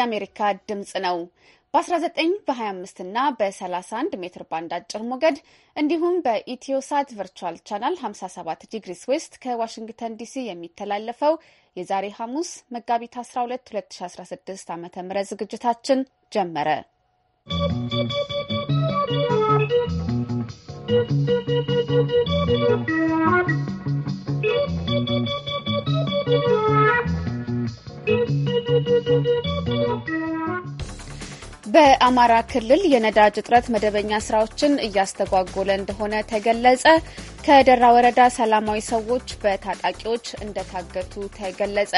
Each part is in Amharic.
የአሜሪካ ድምፅ ነው። በ19 በ25 እና በ31 ሜትር ባንድ አጭር ሞገድ እንዲሁም በኢትዮሳት ቨርቹዋል ቻናል 57 ዲግሪስ ዌስት ከዋሽንግተን ዲሲ የሚተላለፈው የዛሬ ሐሙስ መጋቢት 12 2016 ዓ ም ዝግጅታችን ጀመረ። ¶¶ በአማራ ክልል የነዳጅ እጥረት መደበኛ ስራዎችን እያስተጓጎለ እንደሆነ ተገለጸ። ከደራ ወረዳ ሰላማዊ ሰዎች በታጣቂዎች እንደታገቱ ተገለጸ።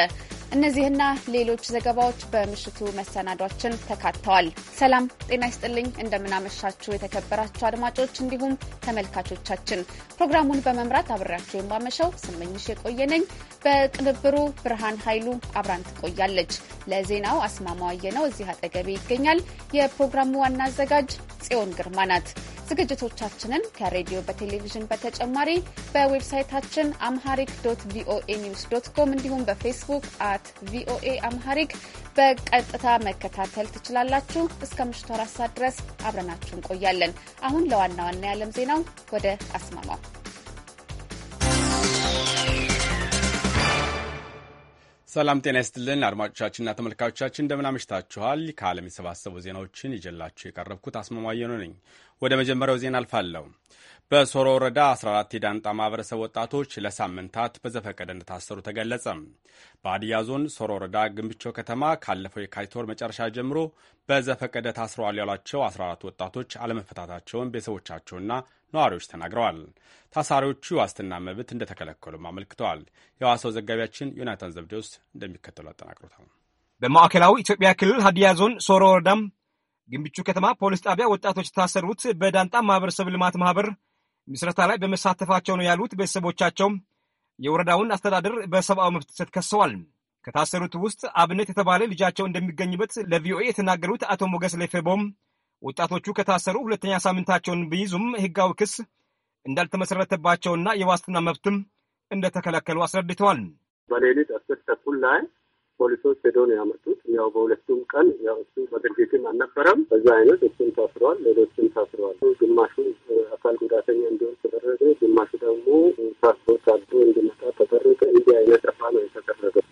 እነዚህና ሌሎች ዘገባዎች በምሽቱ መሰናዷችን ተካተዋል። ሰላም ጤና ይስጥልኝ። እንደምናመሻችሁ የተከበራችሁ አድማጮች እንዲሁም ተመልካቾቻችን፣ ፕሮግራሙን በመምራት አብሬያችሁ የማመሸው ስመኝሽ የቆየነኝ፣ በቅንብሩ ብርሃን ኃይሉ አብራን ትቆያለች። ለዜናው አስማማዋየ ነው እዚህ አጠገቤ ይገኛል። የፕሮግራሙ ዋና አዘጋጅ ጽዮን ግርማ ናት። ዝግጅቶቻችንን ከሬዲዮ በቴሌቪዥን በተጨማሪ በዌብሳይታችን አምሃሪክ ዶት ቪኦኤ ኒውስ ዶት ኮም እንዲሁም በፌስቡክ አት ቪኦኤ አምሃሪክ በቀጥታ መከታተል ትችላላችሁ። እስከ ምሽቱ አራት ሰዓት ድረስ አብረናችሁ እንቆያለን። አሁን ለዋና ዋና የዓለም ዜናው ወደ አስማማው ሰላም ጤና ይስጥልን አድማጮቻችንና ተመልካቾቻችን እንደምን አመሽታችኋል። ከዓለም የሰባሰቡ ዜናዎችን ይዤላችሁ የቀረብኩት አስማማየኑ ነኝ። ወደ መጀመሪያው ዜና አልፋለሁ። በሶሮ ወረዳ 14 የዳንጣ ማህበረሰብ ወጣቶች ለሳምንታት በዘፈቀደ እንደታሰሩ ተገለጸ። በአድያ ዞን ሶሮ ወረዳ ግንብቾ ከተማ ካለፈው የካቲት ወር መጨረሻ ጀምሮ በዘፈቀደ ታስረዋል ያሏቸው 14 ወጣቶች አለመፈታታቸውን ቤተሰቦቻቸውና ነዋሪዎች ተናግረዋል። ታሳሪዎቹ ዋስትና መብት እንደተከለከሉም አመልክተዋል። የዋሳው ዘጋቢያችን ዮናታን ዘብዴውስ እንደሚከተሉ አጠናቅሮታል። በማዕከላዊ ኢትዮጵያ ክልል ሀዲያ ዞን ሶሮ ወረዳም ግንብቹ ከተማ ፖሊስ ጣቢያ ወጣቶች የታሰሩት በዳንጣ ማህበረሰብ ልማት ማህበር ምስረታ ላይ በመሳተፋቸው ነው ያሉት ቤተሰቦቻቸው የወረዳውን አስተዳደር በሰብአዊ መብት ጥሰት ከሰዋል። ከታሰሩት ውስጥ አብነት የተባለ ልጃቸው እንደሚገኝበት ለቪኦኤ የተናገሩት አቶ ሞገስ ሌፌቦም ወጣቶቹ ከታሰሩ ሁለተኛ ሳምንታቸውን ቢይዙም ሕጋዊ ክስ እንዳልተመሰረተባቸውና የዋስትና መብትም እንደተከለከሉ አስረድተዋል። በሌሊት አስር ተኩል ላይ ፖሊሶች ሄዶ ነው ያመጡት። ያው በሁለቱም ቀን ያው እሱ በድርጊትም አልነበረም። በዛ አይነት እሱም ታስረዋል፣ ሌሎችም ታስረዋል። ግማሹ አካል ጉዳተኛ እንዲሆን ተደረገ፣ ግማሹ ደግሞ ታስሮ ታዶ እንዲመጣ ተደረገ። እንዲህ አይነት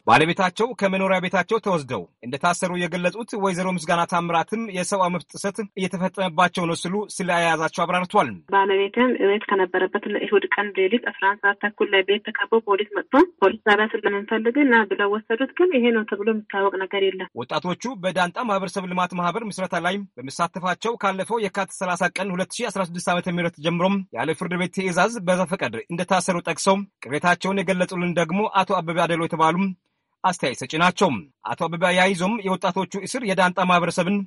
ባለቤታቸው ከመኖሪያ ቤታቸው ተወስደው እንደታሰሩ የገለጹት ወይዘሮ ምስጋና ታምራትም የሰብአዊ መብት ጥሰት እየተፈጸመባቸው ነው ሲሉ ስለ አያያዛቸው አብራርቷል። ባለቤትም እቤት ከነበረበት እሑድ ቀን ሌሊት አስራ አንድ ሰዓት ተኩል ላይ ቤት ፖሊስ መጥቶ ፖሊስ ጣቢያ ስለምንፈልግ እና ብለው ወሰዱት። ግን ይሄ ነው ተብሎ የሚታወቅ ነገር የለም። ወጣቶቹ በዳንጣ ማህበረሰብ ልማት ማህበር ምስረታ ላይ በመሳተፋቸው ካለፈው የካቲት ሰላሳ ቀን ሁለት ሺ አስራ ስድስት ዓመተ ምህረት ጀምሮም ያለ ፍርድ ቤት ትዕዛዝ በዘፈቀድ እንደታሰሩ ጠቅሰው ቅሬታቸውን የገለጹልን ደግሞ አቶ አበበ አደሎ የተባሉ አስተያየት ሰጪ ናቸው። አቶ አበባ ያይዞም የወጣቶቹ እስር የዳንጣ ማህበረሰብን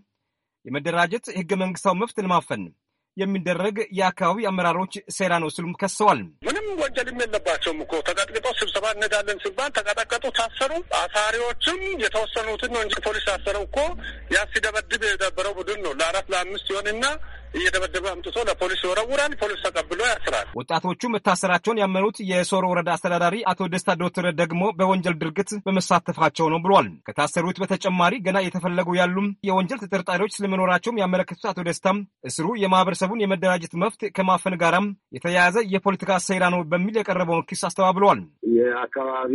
የመደራጀት ህገ መንግስታዊ መብት ለማፈን የሚደረግ የአካባቢ አመራሮች ሴራ ነው ሲሉም ከሰዋል። ምንም ወንጀልም የለባቸውም እኮ ተቀጥቅጦ ስብሰባ እንሄዳለን ሲባል ተቀጠቀጡ፣ ታሰሩ። አሳሪዎችም የተወሰኑትን ነው እንጂ ፖሊስ ታሰረው እኮ ያ ሲደበድብ የነበረው ቡድን ነው ለአራት ለአምስት ሲሆንና እየደበደበ አምጥቶ ለፖሊስ ይወረውራል። ፖሊስ ተቀብሎ ያስራል። ወጣቶቹ መታሰራቸውን ያመኑት የሶሮ ወረዳ አስተዳዳሪ አቶ ደስታ ዶትረ ደግሞ በወንጀል ድርግት በመሳተፋቸው ነው ብሏል። ከታሰሩት በተጨማሪ ገና የተፈለጉ ያሉም የወንጀል ተጠርጣሪዎች ስለመኖራቸውም ያመለከቱት አቶ ደስታም እስሩ የማህበረሰቡን የመደራጀት መብት ከማፈን ጋራም የተያያዘ የፖለቲካ ሴራ ነው በሚል የቀረበውን ክስ አስተባብለዋል። የአካባቢ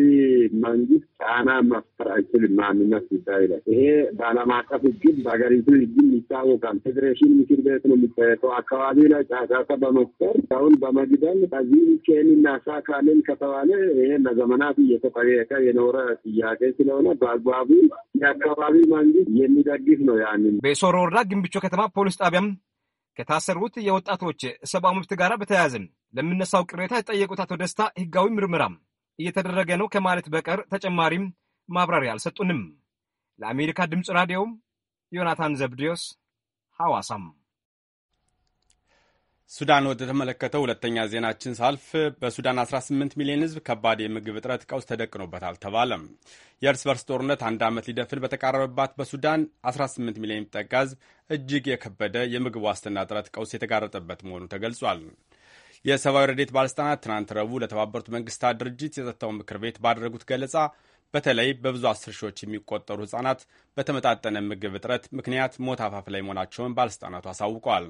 መንግስት ጫና መፍጠር አይችልም። ማንነት ጉዳይ ላይ ይሄ በዓለም አቀፍ ህግም በሀገሪቱ ህግም ይታወቃል። ፌዴሬሽን ምክር ቤት ነው አካባቢ ላይ ጫጫታ በመፍጠር ሰውን በመግደል ከዚህ ውጭ ካልን ከተባለ ይሄ ለዘመናት እየተጠየቀ የኖረ ጥያቄ ስለሆነ በአግባቡ የአካባቢ መንግስት የሚደግፍ ነው። ያንን በሶሮ ወረዳ ግንብቾ ከተማ ፖሊስ ጣቢያም ከታሰሩት የወጣቶች ሰብአዊ መብት ጋር በተያያዘ ለምነሳው ቅሬታ የጠየቁት አቶ ደስታ ህጋዊ ምርመራም እየተደረገ ነው ከማለት በቀር ተጨማሪም ማብራሪያ አልሰጡንም። ለአሜሪካ ድምፅ ራዲዮ ዮናታን ዘብድዮስ ሐዋሳም ሱዳን ወደ ተመለከተው ሁለተኛ ዜናችን ሳልፍ በሱዳን 18 ሚሊዮን ህዝብ ከባድ የምግብ እጥረት ቀውስ ተደቅኖበታል ተባለም። የእርስ በርስ ጦርነት አንድ ዓመት ሊደፍን በተቃረበባት በሱዳን 18 ሚሊዮን የሚጠጋ እጅግ የከበደ የምግብ ዋስትና እጥረት ቀውስ የተጋረጠበት መሆኑ ተገልጿል። የሰብአዊ ረዴት ባለሥልጣናት ትናንት ረቡዕ ለተባበሩት መንግስታት ድርጅት የጸጥታው ምክር ቤት ባደረጉት ገለጻ በተለይ በብዙ አስር ሺዎች የሚቆጠሩ ህጻናት በተመጣጠነ ምግብ እጥረት ምክንያት ሞት አፋፍ ላይ መሆናቸውን ባለሥልጣናቱ አሳውቀዋል።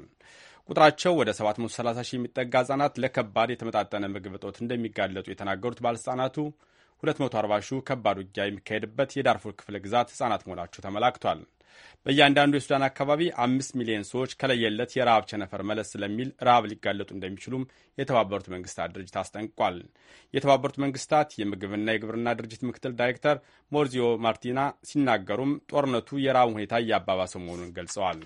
ቁጥራቸው ወደ 730 ሺህ የሚጠጋ ህጻናት ለከባድ የተመጣጠነ ምግብ እጦት እንደሚጋለጡ የተናገሩት ባለሥልጣናቱ 240 ሺህ ከባድ ውጊያ የሚካሄድበት የዳርፉር ክፍለ ግዛት ህጻናት መሆናቸው ተመላክቷል። በእያንዳንዱ የሱዳን አካባቢ አምስት ሚሊዮን ሰዎች ከለየለት የረሃብ ቸነፈር መለስ ስለሚል ረሃብ ሊጋለጡ እንደሚችሉም የተባበሩት መንግስታት ድርጅት አስጠንቅቋል። የተባበሩት መንግስታት የምግብና የግብርና ድርጅት ምክትል ዳይሬክተር ሞርዚዮ ማርቲና ሲናገሩም ጦርነቱ የረሃብ ሁኔታ እያባባሰው መሆኑን ገልጸዋል።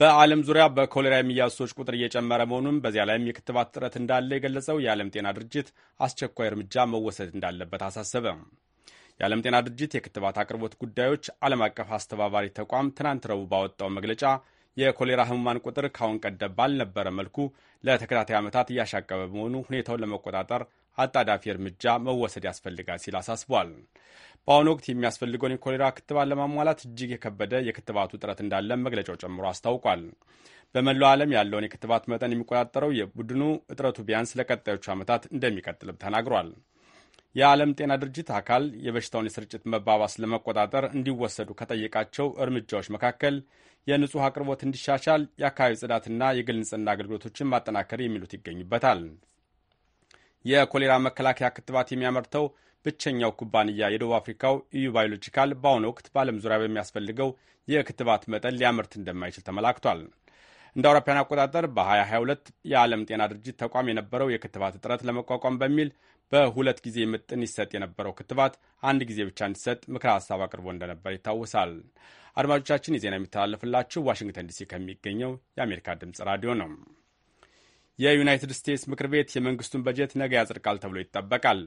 በዓለም ዙሪያ በኮሌራ የሚያዙ ሰዎች ቁጥር እየጨመረ መሆኑን በዚያ ላይም የክትባት እጥረት እንዳለ የገለጸው የዓለም ጤና ድርጅት አስቸኳይ እርምጃ መወሰድ እንዳለበት አሳሰበ። የዓለም ጤና ድርጅት የክትባት አቅርቦት ጉዳዮች ዓለም አቀፍ አስተባባሪ ተቋም ትናንት ረቡዕ ባወጣው መግለጫ የኮሌራ ህሙማን ቁጥር ካሁን ቀደም ባልነበረ መልኩ ለተከታታይ ዓመታት እያሻቀበ መሆኑ ሁኔታውን ለመቆጣጠር አጣዳፊ እርምጃ መወሰድ ያስፈልጋል ሲል አሳስቧል። በአሁኑ ወቅት የሚያስፈልገውን የኮሌራ ክትባት ለማሟላት እጅግ የከበደ የክትባቱ እጥረት እንዳለ መግለጫው ጨምሮ አስታውቋል። በመላው ዓለም ያለውን የክትባት መጠን የሚቆጣጠረው የቡድኑ እጥረቱ ቢያንስ ለቀጣዮቹ ዓመታት እንደሚቀጥልም ተናግሯል። የዓለም ጤና ድርጅት አካል የበሽታውን የስርጭት መባባስ ለመቆጣጠር እንዲወሰዱ ከጠየቃቸው እርምጃዎች መካከል የንጹሕ አቅርቦት እንዲሻሻል፣ የአካባቢ ጽዳትና የግል ንጽህና አገልግሎቶችን ማጠናከር የሚሉት ይገኙበታል። የኮሌራ መከላከያ ክትባት የሚያመርተው ብቸኛው ኩባንያ የደቡብ አፍሪካው ኢዩ ባዮሎጂካል በአሁኑ ወቅት በዓለም ዙሪያ በሚያስፈልገው የክትባት መጠን ሊያመርት እንደማይችል ተመላክቷል። እንደ አውሮፓውያን አቆጣጠር በ2022 የዓለም ጤና ድርጅት ተቋም የነበረው የክትባት እጥረት ለመቋቋም በሚል በሁለት ጊዜ ምጥን ይሰጥ የነበረው ክትባት አንድ ጊዜ ብቻ እንዲሰጥ ምክረ ሀሳብ አቅርቦ እንደነበር ይታወሳል። አድማጮቻችን፣ የዜና የሚተላለፍላችሁ ዋሽንግተን ዲሲ ከሚገኘው የአሜሪካ ድምጽ ራዲዮ ነው። የዩናይትድ ስቴትስ ምክር ቤት የመንግስቱን በጀት ነገ ያጽድቃል ተብሎ ይጠበቃል።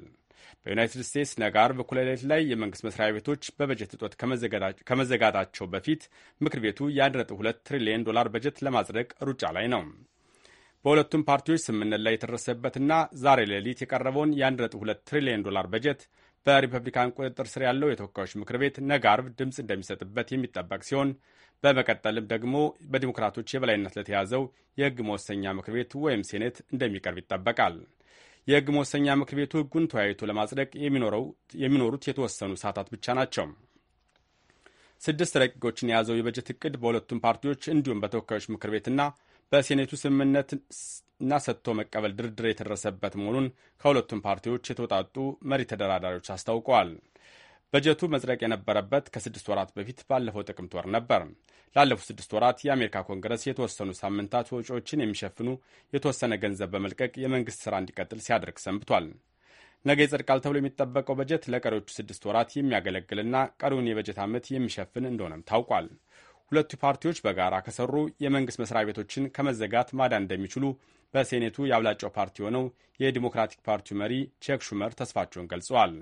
በዩናይትድ ስቴትስ ነገ አርብ እኩለ ሌሊት ላይ የመንግስት መስሪያ ቤቶች በበጀት እጦት ከመዘጋታቸው በፊት ምክር ቤቱ የ1.2 ትሪሊየን ዶላር በጀት ለማጽደቅ ሩጫ ላይ ነው። በሁለቱም ፓርቲዎች ስምምነት ላይ የተደረሰበትና ዛሬ ሌሊት የቀረበውን የ1.2 ትሪሊየን ዶላር በጀት በሪፐብሊካን ቁጥጥር ስር ያለው የተወካዮች ምክር ቤት ነገ አርብ ድምፅ እንደሚሰጥበት የሚጠበቅ ሲሆን በመቀጠልም ደግሞ በዲሞክራቶች የበላይነት ለተያዘው የህግ መወሰኛ ምክር ቤት ወይም ሴኔት እንደሚቀርብ ይጠበቃል። የህግ መወሰኛ ምክር ቤቱ ህጉን ተወያይቶ ለማጽደቅ የሚኖሩት የተወሰኑ ሰዓታት ብቻ ናቸው። ስድስት ረቂቆችን የያዘው የበጀት እቅድ በሁለቱም ፓርቲዎች እንዲሁም በተወካዮች ምክር ቤትና በሴኔቱ ስምምነት እና ሰጥቶ መቀበል ድርድር የተደረሰበት መሆኑን ከሁለቱም ፓርቲዎች የተውጣጡ መሪ ተደራዳሪዎች አስታውቀዋል። በጀቱ መጽደቅ የነበረበት ከስድስት ወራት በፊት ባለፈው ጥቅምት ወር ነበር። ላለፉት ስድስት ወራት የአሜሪካ ኮንግረስ የተወሰኑ ሳምንታት ወጪዎችን የሚሸፍኑ የተወሰነ ገንዘብ በመልቀቅ የመንግሥት ሥራ እንዲቀጥል ሲያደርግ ሰንብቷል። ነገ ይጸድቃል ተብሎ የሚጠበቀው በጀት ለቀሪዎቹ ስድስት ወራት የሚያገለግልና ቀሪውን የበጀት ዓመት የሚሸፍን እንደሆነም ታውቋል። ሁለቱ ፓርቲዎች በጋራ ከሰሩ የመንግሥት መስሪያ ቤቶችን ከመዘጋት ማዳን እንደሚችሉ በሴኔቱ የአብላጫው ፓርቲ የሆነው የዲሞክራቲክ ፓርቲው መሪ ቼክ ሹመር ተስፋቸውን ገልጸዋል።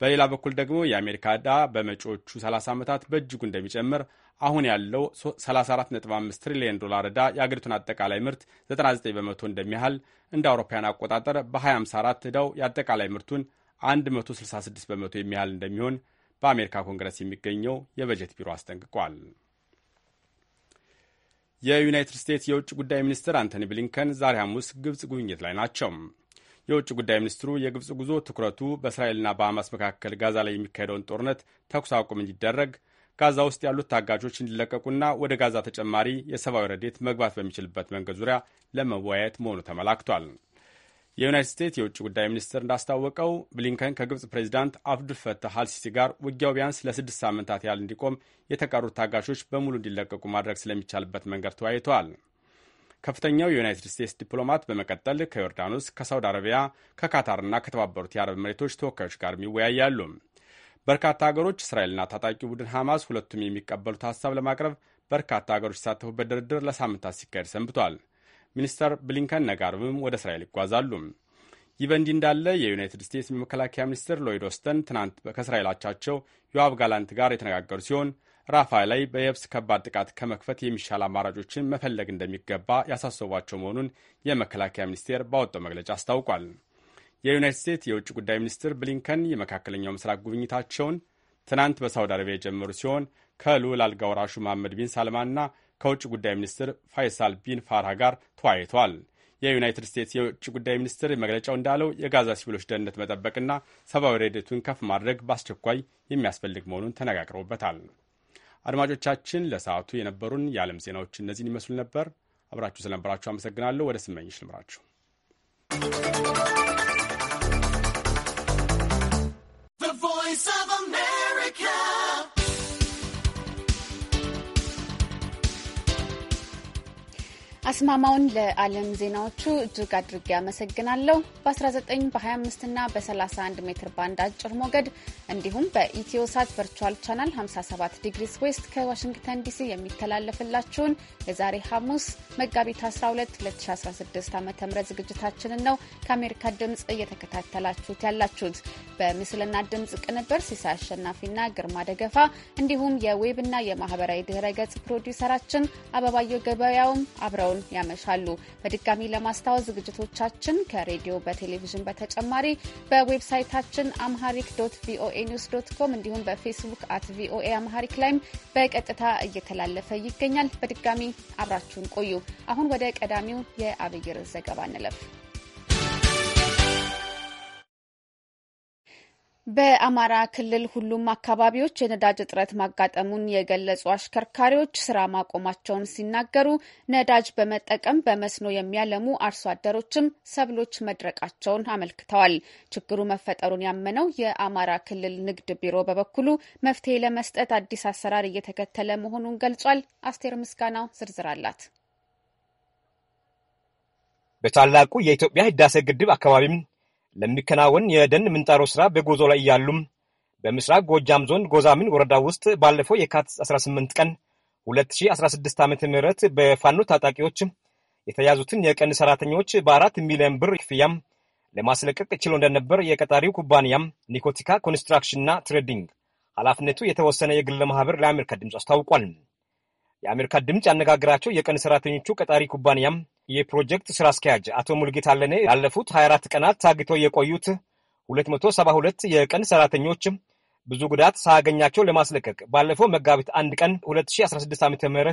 በሌላ በኩል ደግሞ የአሜሪካ ዕዳ በመጪዎቹ 30 ዓመታት በእጅጉ እንደሚጨምር አሁን ያለው 34.5 ትሪሊዮን ዶላር ዕዳ የአገሪቱን አጠቃላይ ምርት 99 በመቶ እንደሚያህል እንደ አውሮፓውያን አቆጣጠር በ2054 ዕዳው የአጠቃላይ ምርቱን 166 በመቶ የሚያህል እንደሚሆን በአሜሪካ ኮንግረስ የሚገኘው የበጀት ቢሮ አስጠንቅቋል። የዩናይትድ ስቴትስ የውጭ ጉዳይ ሚኒስትር አንቶኒ ብሊንከን ዛሬ ሐሙስ ግብፅ ጉብኝት ላይ ናቸው። የውጭ ጉዳይ ሚኒስትሩ የግብፅ ጉዞ ትኩረቱ በእስራኤልና በሐማስ መካከል ጋዛ ላይ የሚካሄደውን ጦርነት ተኩስ አቁም እንዲደረግ፣ ጋዛ ውስጥ ያሉት ታጋቾች እንዲለቀቁና ወደ ጋዛ ተጨማሪ የሰብአዊ ረዴት መግባት በሚችልበት መንገድ ዙሪያ ለመወያየት መሆኑ ተመላክቷል። የዩናይትድ ስቴትስ የውጭ ጉዳይ ሚኒስትር እንዳስታወቀው ብሊንከን ከግብፅ ፕሬዚዳንት አብዱልፈታህ አልሲሲ ጋር ውጊያው ቢያንስ ለስድስት ሳምንታት ያህል እንዲቆም የተቀሩት ታጋሾች በሙሉ እንዲለቀቁ ማድረግ ስለሚቻልበት መንገድ ተወያይተዋል። ከፍተኛው የዩናይትድ ስቴትስ ዲፕሎማት በመቀጠል ከዮርዳኖስ፣ ከሳውዲ አረቢያ፣ ከካታርና ከተባበሩት የአረብ መሬቶች ተወካዮች ጋር ይወያያሉ። በርካታ ሀገሮች እስራኤልና ታጣቂ ቡድን ሐማስ ሁለቱም የሚቀበሉት ሀሳብ ለማቅረብ በርካታ ሀገሮች የተሳተፉበት ድርድር ለሳምንታት ሲካሄድ ሰንብቷል። ሚኒስተር ብሊንከን ነገ አርብም ወደ እስራኤል ይጓዛሉ። ይህ በእንዲህ እንዳለ የዩናይትድ ስቴትስ መከላከያ ሚኒስትር ሎይድ ኦስተን ትናንት ከእስራኤል አቻቸው ዮአብ ጋላንት ጋር የተነጋገሩ ሲሆን ራፋ ላይ በየብስ ከባድ ጥቃት ከመክፈት የሚሻል አማራጮችን መፈለግ እንደሚገባ ያሳሰቧቸው መሆኑን የመከላከያ ሚኒስቴር ባወጣው መግለጫ አስታውቋል። የዩናይትድ ስቴትስ የውጭ ጉዳይ ሚኒስትር ብሊንከን የመካከለኛው ምስራቅ ጉብኝታቸውን ትናንት በሳውዲ አረቢያ የጀመሩ ሲሆን ከልዑል አልጋ ወራሹ መሐመድ ቢን ሳልማንና ከውጭ ጉዳይ ሚኒስትር ፋይሳል ቢን ፋርሃ ጋር ተወያይቷል። የዩናይትድ ስቴትስ የውጭ ጉዳይ ሚኒስትር መግለጫው እንዳለው የጋዛ ሲቪሎች ደህንነት መጠበቅና ሰብአዊ ረድኤቱን ከፍ ማድረግ በአስቸኳይ የሚያስፈልግ መሆኑን ተነጋግረውበታል። አድማጮቻችን ለሰዓቱ የነበሩን የዓለም ዜናዎች እነዚህን ይመስሉ ነበር። አብራችሁ ስለነበራችሁ አመሰግናለሁ። ወደ ስመኝሽ ልምራችሁ። አስማማውን ለዓለም ዜናዎቹ እጅግ አድርጌ አመሰግናለሁ። በ19 በ25 እና በ31 ሜትር ባንድ አጭር ሞገድ እንዲሁም በኢትዮሳት ቨርቹዋል ቻናል 57 ዲግሪስ ዌስት ከዋሽንግተን ዲሲ የሚተላለፍላችሁን የዛሬ ሐሙስ መጋቢት 12 2016 ዓ ም ዝግጅታችንን ነው ከአሜሪካ ድምፅ እየተከታተላችሁት ያላችሁት። በምስልና ድምፅ ቅንብር ሲሳ አሸናፊና ግርማ ደገፋ እንዲሁም የዌብና የማህበራዊ ድህረ ገጽ ፕሮዲውሰራችን አበባየው ገበያውም አብረውን አብረውን ያመሻሉ። በድጋሚ ለማስታወስ ዝግጅቶቻችን ከሬዲዮ በቴሌቪዥን በተጨማሪ በዌብሳይታችን አምሃሪክ ዶት ቪኦኤ ኒውስ ዶት ኮም እንዲሁም በፌስቡክ አት ቪኦኤ አምሃሪክ ላይም በቀጥታ እየተላለፈ ይገኛል። በድጋሚ አብራችሁን ቆዩ። አሁን ወደ ቀዳሚው የአብይር ዘገባ እንለፍ። በአማራ ክልል ሁሉም አካባቢዎች የነዳጅ እጥረት ማጋጠሙን የገለጹ አሽከርካሪዎች ስራ ማቆማቸውን ሲናገሩ ነዳጅ በመጠቀም በመስኖ የሚያለሙ አርሶ አደሮችም ሰብሎች መድረቃቸውን አመልክተዋል። ችግሩ መፈጠሩን ያመነው የአማራ ክልል ንግድ ቢሮ በበኩሉ መፍትሄ ለመስጠት አዲስ አሰራር እየተከተለ መሆኑን ገልጿል። አስቴር ምስጋናው ዝርዝር አላት። በታላቁ የኢትዮጵያ ህዳሴ ግድብ አካባቢም ለሚከናወን የደን ምንጣሮ ስራ በጉዞ ላይ እያሉም በምስራቅ ጎጃም ዞን ጎዛምን ወረዳ ውስጥ ባለፈው የካቲት 18 ቀን 2016 ዓ ም በፋኖ ታጣቂዎች የተያዙትን የቀን ሰራተኞች በአራት ሚሊዮን ብር ክፍያም ለማስለቀቅ ችሎ እንደነበር የቀጣሪው ኩባንያም ኒኮቲካ ኮንስትራክሽንና ትሬዲንግ ኃላፊነቱ የተወሰነ የግል ማህበር ለአሜሪካ ድምፅ አስታውቋል። የአሜሪካ ድምፅ ያነጋግራቸው የቀን ሰራተኞቹ ቀጣሪ ኩባንያም የፕሮጀክት ስራ አስኪያጅ አቶ ሙልጌታ አለነ ያለፉት 24 ቀናት ታግተው የቆዩት 272 የቀን ሰራተኞች ብዙ ጉዳት ሳያገኛቸው ለማስለቀቅ ባለፈው መጋቢት አንድ ቀን 2016 ዓ ም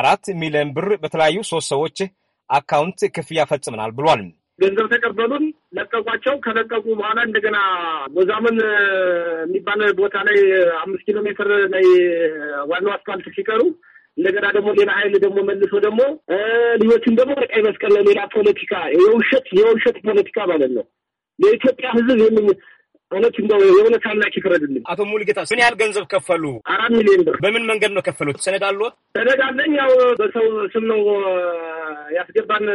አራት ሚሊዮን ብር በተለያዩ ሶስት ሰዎች አካውንት ክፍያ ፈጽመናል ብሏል። ገንዘብ ተቀበሉን፣ ለቀቋቸው። ከለቀቁ በኋላ እንደገና ጎዛምን የሚባል ቦታ ላይ አምስት ኪሎ ሜትር ላይ ዋናው አስፋልት ሲቀሩ እንደገና ደግሞ ሌላ ሀይል ደግሞ መልሶ ደግሞ ልጆችን ደግሞ ለቀይ መስቀል ለሌላ ፖለቲካ የውሸት የውሸት ፖለቲካ ማለት ነው። ለኢትዮጵያ ህዝብ ይህን እውነት እንደው የእውነት አምላክ ይፍረድልኝ። አቶ ሙልጌታ ምን ያህል ገንዘብ ከፈሉ? አራት ሚሊዮን ብር። በምን መንገድ ነው ከፈሉት? ሰነድ አለዎት? ሰነድ አለኝ። ያው በሰው ስም ነው ያስገባን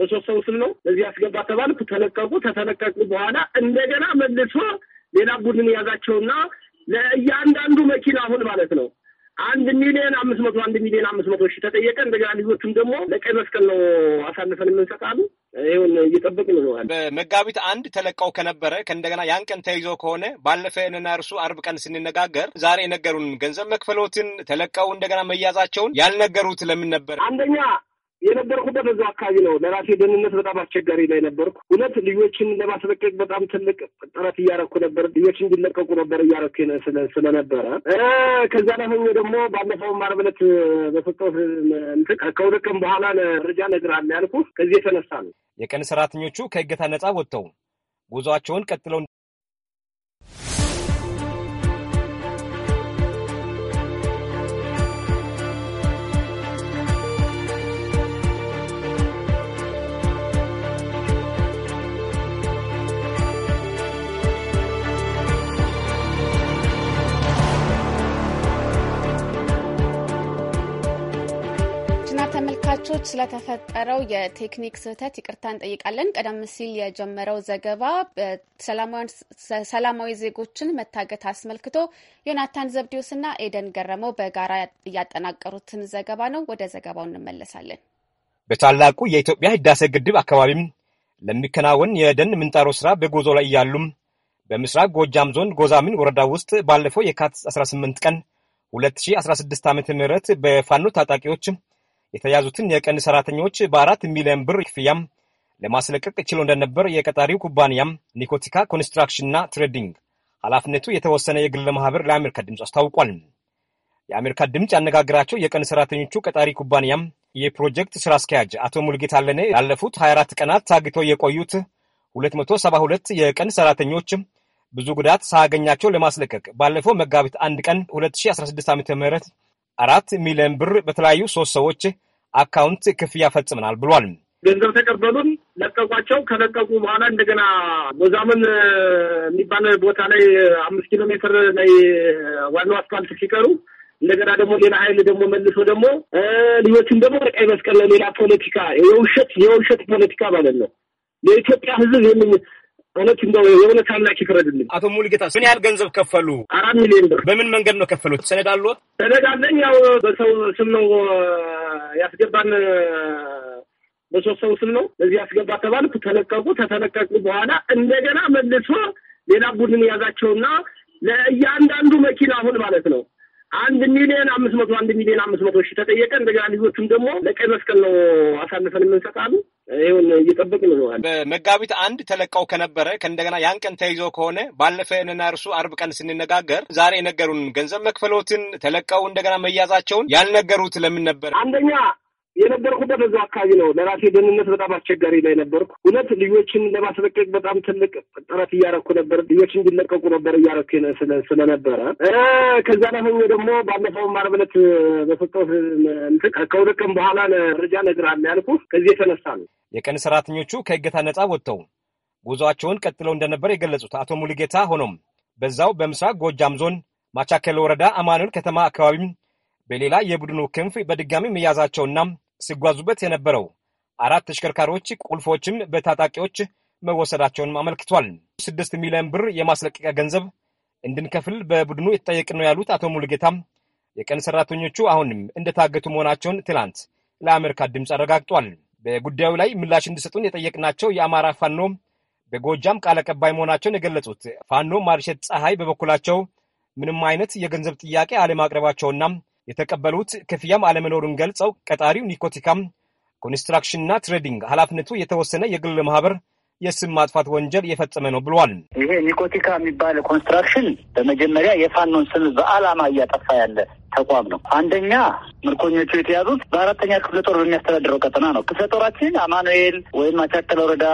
በሶስት ሰው ስም ነው እዚህ ያስገባ ተባልኩ። ተለቀቁ። ከተለቀቁ በኋላ እንደገና መልሶ ሌላ ቡድን ያዛቸውና ለእያንዳንዱ መኪና አሁን ማለት ነው አንድ ሚሊዮን አምስት መቶ አንድ ሚሊዮን አምስት መቶ ሺ ተጠየቀ። እንደገና ልጆቹም ደግሞ ለቀይ መስቀል ነው አሳልፈን የምንሰጣሉ። ይሁን እየጠበቅን ነው። በመጋቢት አንድ ተለቀው ከነበረ ከእንደገና ያን ቀን ተይዞ ከሆነ ባለፈ እኔና እርሱ አርብ ቀን ስንነጋገር ዛሬ የነገሩን ገንዘብ መክፈሎትን ተለቀው እንደገና መያዛቸውን ያልነገሩት ለምን ነበር? አንደኛ የነበርኩበት እዛ አካባቢ ነው። ለራሴ ደህንነት በጣም አስቸጋሪ ላይ ነበርኩ። እውነት ልጆችን ለማስለቀቅ በጣም ትልቅ ጥረት እያረኩ ነበር። ልጆች እንዲለቀቁ ነበር እያረኩ ስለነበረ ከዛ ላይ ሆኜ ደግሞ ባለፈው ዓርብ ዕለት በሰጠሁት እንትን ከሁለት ቀን በኋላ መረጃ እነግርሃለሁ ያልኩህ ከዚህ የተነሳ ነው። የቀን ሰራተኞቹ ከእገታ ነጻ ወጥተው ጉዞአቸውን ቀጥለው ተመልካቾች ስለተፈጠረው የቴክኒክ ስህተት ይቅርታ እንጠይቃለን። ቀደም ሲል የጀመረው ዘገባ ሰላማዊ ዜጎችን መታገት አስመልክቶ ዮናታን ዘብዲዮስና ኤደን ገረመው በጋራ እያጠናቀሩትን ዘገባ ነው። ወደ ዘገባው እንመለሳለን። በታላቁ የኢትዮጵያ ህዳሴ ግድብ አካባቢም ለሚከናወን የደን ምንጣሮ ስራ በጉዞ ላይ እያሉም በምስራቅ ጎጃም ዞን ጎዛምን ወረዳ ውስጥ ባለፈው የካቲት 18 ቀን 2016 ዓ ም በፋኖ ታጣቂዎች የተያዙትን የቀን ሰራተኞች በአራት ሚሊዮን ብር ክፍያም ለማስለቀቅ ችሎ እንደነበር የቀጣሪው ኩባንያም ኒኮቲካ ኮንስትራክሽንና ትሬዲንግ ኃላፊነቱ የተወሰነ የግል ማህበር ለአሜሪካ ድምፅ አስታውቋል። የአሜሪካ ድምፅ ያነጋግራቸው የቀን ሰራተኞቹ ቀጣሪ ኩባንያም የፕሮጀክት ስራ አስኪያጅ አቶ ሙልጌት አለነ ላለፉት 24 ቀናት ታግተው የቆዩት 272 የቀን ሰራተኞች ብዙ ጉዳት ሳያገኛቸው ለማስለቀቅ ባለፈው መጋቢት አንድ ቀን 2016 ዓ ም አራት ሚሊዮን ብር በተለያዩ ሶስት ሰዎች አካውንት ክፍያ ፈጽመናል ብሏል። ገንዘብ ተቀበሉን፣ ለቀቋቸው። ከለቀቁ በኋላ እንደገና ጎዛምን የሚባል ቦታ ላይ አምስት ኪሎ ሜትር ላይ ዋናው አስፋልት ሲቀሩ እንደገና ደግሞ ሌላ ኃይል ደግሞ መልሶ ደግሞ ልጆችን ደግሞ ቀይ መስቀል ለሌላ ፖለቲካ የውሸት የውሸት ፖለቲካ ማለት ነው። ለኢትዮጵያ ሕዝብ እውነት እንደ የእውነት አምላክ ይፍረድልኝ። አቶ ሙሉጌታ ምን ያህል ገንዘብ ከፈሉ? አራት ሚሊዮን ብር። በምን መንገድ ነው ከፈሉት? ሰነድ አለዎት? ሰነድ አለኝ። ያው በሰው ስም ነው ያስገባን በሶስት ሰው ስም ነው በዚህ ያስገባ ተባልኩ። ተለቀቁ። ተተለቀቁ በኋላ እንደገና መልሶ ሌላ ቡድን ያዛቸውና ለእያንዳንዱ መኪና አሁን ማለት ነው አንድ ሚሊዮን አምስት መቶ አንድ ሚሊዮን አምስት መቶ ሺህ ተጠየቀ። እንደገና ልጆቹም ደግሞ ለቀይ መስቀል ነው አሳልፈን የምንሰጣሉ። ይሁን እየጠበቅ ነው። በመጋቢት አንድ ተለቀው ከነበረ ከእንደገና ያን ቀን ተይዞ ከሆነ ባለፈ እኔና እርሱ አርብ ቀን ስንነጋገር ዛሬ የነገሩን ገንዘብ መክፈሎትን ተለቀው እንደገና መያዛቸውን ያልነገሩት ለምን ነበር? አንደኛ የነበርኩበት እዛ አካባቢ ነው። ለራሴ ደህንነት በጣም አስቸጋሪ ላይ ነበርኩ። እውነት ልጆችን ለማስለቀቅ በጣም ትልቅ ጥረት እያረኩ ነበር። ልጆች እንዲለቀቁ ነበር እያረኩ ስለነበረ ከዛ ላይ ሆኜ ደግሞ ባለፈው ዓርብ ዕለት በሰጠሁት ከሁለት ቀን በኋላ መረጃ እነግርሃለሁ ያልኩ ከዚህ የተነሳ ነው። የቀን ሰራተኞቹ ከእገታ ነጻ ወጥተው ጉዞአቸውን ቀጥለው እንደነበር የገለጹት አቶ ሙሉጌታ ሆኖም በዛው በምስራቅ ጎጃም ዞን ማቻከል ወረዳ አማኑኤል ከተማ አካባቢም በሌላ የቡድኑ ክንፍ በድጋሚ መያዛቸውና ሲጓዙበት የነበረው አራት ተሽከርካሪዎች ቁልፎችም በታጣቂዎች መወሰዳቸውንም አመልክቷል። ስድስት ሚሊዮን ብር የማስለቀቂያ ገንዘብ እንድንከፍል በቡድኑ የተጠየቅን ነው ያሉት አቶ ሙሉጌታ የቀን ሰራተኞቹ አሁንም እንደታገቱ መሆናቸውን ትናንት ለአሜሪካ ድምፅ አረጋግጧል። በጉዳዩ ላይ ምላሽ እንዲሰጡን የጠየቅናቸው የአማራ ፋኖ በጎጃም ቃል አቀባይ መሆናቸውን የገለጹት ፋኖ ማርሸት ፀሐይ በበኩላቸው ምንም አይነት የገንዘብ ጥያቄ አለማቅረባቸውና የተቀበሉት ክፍያም አለመኖሩን ገልጸው ቀጣሪው ኒኮቲካም ኮንስትራክሽንና ትሬዲንግ ኃላፊነቱ የተወሰነ የግል ማህበር የስም ማጥፋት ወንጀል የፈጸመ ነው ብሏል። ይሄ ኒኮቲካ የሚባለ ኮንስትራክሽን በመጀመሪያ የፋኖን ስም በዓላማ እያጠፋ ያለ ተቋም ነው። አንደኛ ምርኮኞቹ የተያዙት በአራተኛ ክፍለ ጦር በሚያስተዳድረው ቀጠና ነው። ክፍለ ጦራችን አማኑኤል ወይም አቻቀለ ወረዳ፣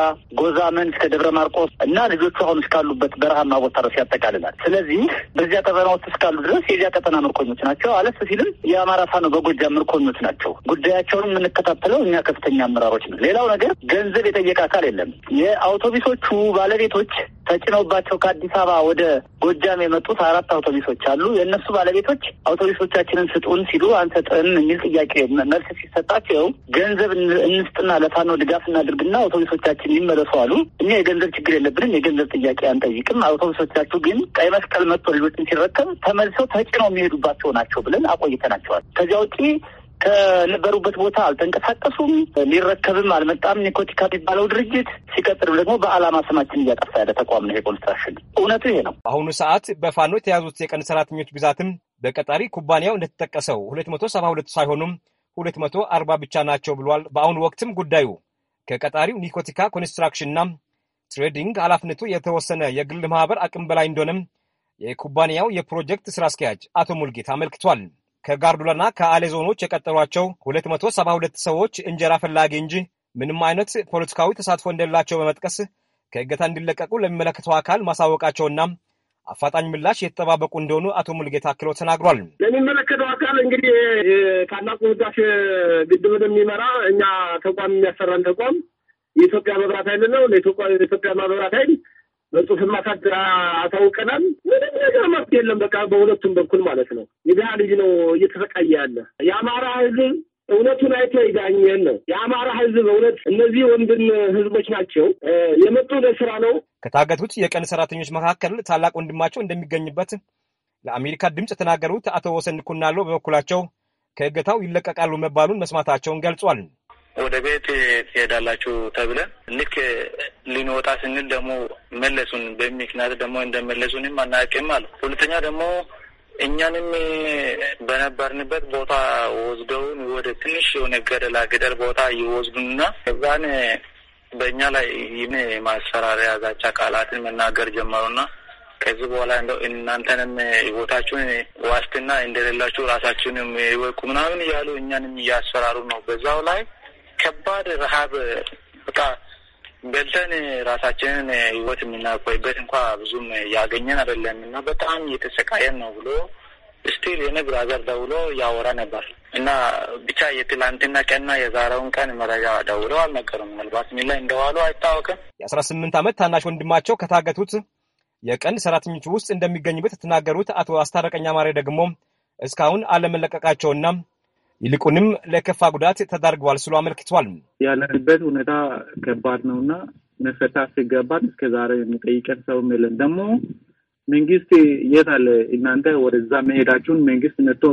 ጎዛመን እስከ ደብረ ማርቆስ እና ልጆቹ አሁን እስካሉበት በረሃማ ቦታ ድረስ ያጠቃልላል። ስለዚህ በዚያ ቀጠና ውስጥ እስካሉ ድረስ የዚያ ቀጠና ምርኮኞች ናቸው። አለፍ ሲልም የአማራ ፋኖ በጎጃም ምርኮኞች ናቸው። ጉዳያቸውን የምንከታተለው እኛ ከፍተኛ አመራሮች ነው። ሌላው ነገር ገንዘብ የጠየቀ አካል የለም። የአውቶቡሶቹ ባለቤቶች ተጭነውባቸው ከአዲስ አበባ ወደ ጎጃም የመጡት አራት አውቶቡሶች አሉ። የእነሱ ባለቤቶች አውቶቢሶ ልጆቻችንን ስጡን ሲሉ አንሰጥም የሚል ጥያቄ መልስ ሲሰጣቸው ገንዘብ እንስጥና ለፋኖ ድጋፍ እናድርግና አውቶቡሶቻችን ይመለሱ አሉ። እኛ የገንዘብ ችግር የለብንም፣ የገንዘብ ጥያቄ አንጠይቅም። አውቶቡሶቻችሁ ግን ቀይ መስቀል መጥቶ ልጆችን ሲረከብ ተመልሰው ተጭነው የሚሄዱባቸው ናቸው ብለን አቆይተናቸዋል። ከዚያ ውጪ ከነበሩበት ቦታ አልተንቀሳቀሱም። ሊረከብም አልመጣም። ኒኮቲካ የሚባለው ድርጅት ሲቀጥል ደግሞ በዓላማ ስማችን እያጠፋ ያለ ተቋም ነው የኮንስትራክሽን። እውነቱ ይሄ ነው። በአሁኑ ሰዓት በፋኖ የተያዙት የቀን ሰራተኞች ብዛትም በቀጣሪ ኩባንያው እንደተጠቀሰው 272 ሳይሆኑም 240 ብቻ ናቸው ብሏል። በአሁኑ ወቅትም ጉዳዩ ከቀጣሪው ኒኮቲካ ኮንስትራክሽንና ትሬዲንግ ኃላፊነቱ የተወሰነ የግል ማህበር አቅም በላይ እንደሆነም የኩባንያው የፕሮጀክት ስራ አስኪያጅ አቶ ሙልጌት አመልክቷል። ከጋርዱላና ከአሌ ዞኖች የቀጠሯቸው 272 ሰዎች እንጀራ ፈላጊ እንጂ ምንም አይነት ፖለቲካዊ ተሳትፎ እንደሌላቸው በመጥቀስ ከእገታ እንዲለቀቁ ለሚመለከተው አካል ማሳወቃቸውና አፋጣኝ ምላሽ የተጠባበቁ እንደሆኑ አቶ ሙልጌታ አክለው ተናግሯል። ለሚመለከተው አካል እንግዲህ ታላቁ ህዳሴ ግድብን የሚመራ እኛ ተቋም የሚያሰራን ተቋም የኢትዮጵያ መብራት ኃይል ነው። ለኢትዮጵያ መብራት ኃይል በጽሁፍ ማሳት አሳውቀናል። ምንም ነገር ማስ የለም። በቃ በሁለቱም በኩል ማለት ነው። የድሃ ልጅ ነው እየተሰቃየ ያለ የአማራ ህዝብ እውነቱን አይቶ ይዳኘን ነው። የአማራ ህዝብ እውነት እነዚህ ወንድም ህዝቦች ናቸው። የመጡ ለስራ ነው። ከታገቱት የቀን ሰራተኞች መካከል ታላቅ ወንድማቸው እንደሚገኝበት ለአሜሪካ ድምፅ የተናገሩት አቶ ወሰን ኩናሎ በበኩላቸው ከእገታው ይለቀቃሉ መባሉን መስማታቸውን ገልጿል። ወደ ቤት ትሄዳላችሁ ተብለን ልክ ልንወጣ ስንል ደግሞ መለሱን። በምክንያት ደግሞ እንደመለሱንም አናውቅም አለ። ሁለተኛ ደግሞ እኛንም በነበርንበት ቦታ ወስደውን ወደ ትንሽ የሆነ ገደላ ገደል ቦታ ይወስዱንና እዛን በእኛ ላይ ይህን ማስፈራሪያ ዛቻ ቃላትን መናገር ጀመሩና ከዚህ በኋላ እንደው እናንተንም ቦታችሁን ዋስትና እንደሌላችሁ ራሳችሁንም ይወቁ ምናምን እያሉ እኛንም እያስፈራሩ ነው። በዛው ላይ ከባድ ረሀብ በቃ በልተን ራሳችንን ህይወት የምናቆይበት እንኳ ብዙም ያገኘን አይደለም እና በጣም እየተሰቃየን ነው ብሎ ስቲል የኔ ብራዘር ደውሎ ያወራ ነበር እና ብቻ የትላንትና ቀንና የዛሬውን ቀን መረጃ ደውለው አልነገሩም። ምናልባት ሚል ላይ እንደዋሉ አይታወቅም። የአስራ ስምንት ዓመት ታናሽ ወንድማቸው ከታገቱት የቀን ሰራተኞች ውስጥ እንደሚገኝበት የተናገሩት አቶ አስታረቀኛ ማሬ ደግሞ እስካሁን አለመለቀቃቸውና ይልቁንም ለከፋ ጉዳት ተዳርገዋል ስሎ አመልክቷል። ያለንበት ሁኔታ ከባድ ነውና መፈታት ሲገባን እስከ ዛሬ የሚጠይቀን ሰውም የለን። ደግሞ መንግስት የት አለ? እናንተ ወደዛ መሄዳችሁን መንግስት መጥቶ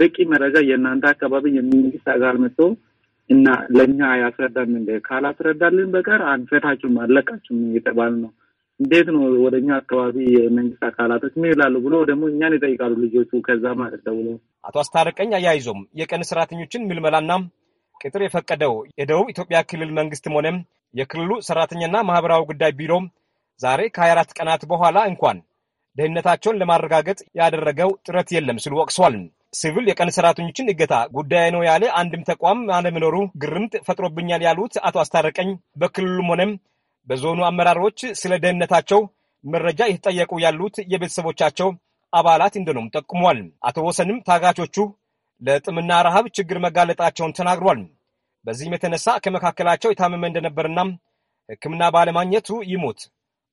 በቂ መረጃ የእናንተ አካባቢ የመንግስት አካል መጥቶ እና ለእኛ ያስረዳን እንደ ካላስረዳልን በቀር አንፈታችሁም፣ አለቃችሁም እየተባል ነው እንዴት ነው ወደኛ አካባቢ የመንግስት አካላቶች ምን ይላሉ ብሎ ደግሞ እኛን ይጠይቃሉ ልጆቹ። ከዛ ማለት ደውሎ አቶ አስታረቀኝ አያይዞም የቀን ሰራተኞችን ምልመላና ቅጥር የፈቀደው የደቡብ ኢትዮጵያ ክልል መንግስትም ሆነ የክልሉ ሰራተኛና ማህበራዊ ጉዳይ ቢሮ ዛሬ ከ24 ቀናት በኋላ እንኳን ደህንነታቸውን ለማረጋገጥ ያደረገው ጥረት የለም ሲሉ ወቅሷል። ሲቪል የቀን ሰራተኞችን እገታ ጉዳይ ነው ያለ አንድም ተቋም አለመኖሩ ግርምት ፈጥሮብኛል ያሉት አቶ አስታረቀኝ በክልሉም ሆነም በዞኑ አመራሮች ስለ ደህንነታቸው መረጃ እየተጠየቁ ያሉት የቤተሰቦቻቸው አባላት እንደሆኑም ጠቁሟል። አቶ ወሰንም ታጋቾቹ ለጥምና ረሃብ ችግር መጋለጣቸውን ተናግሯል። በዚህም የተነሳ ከመካከላቸው የታመመ እንደነበርና ሕክምና ባለማግኘቱ ይሞት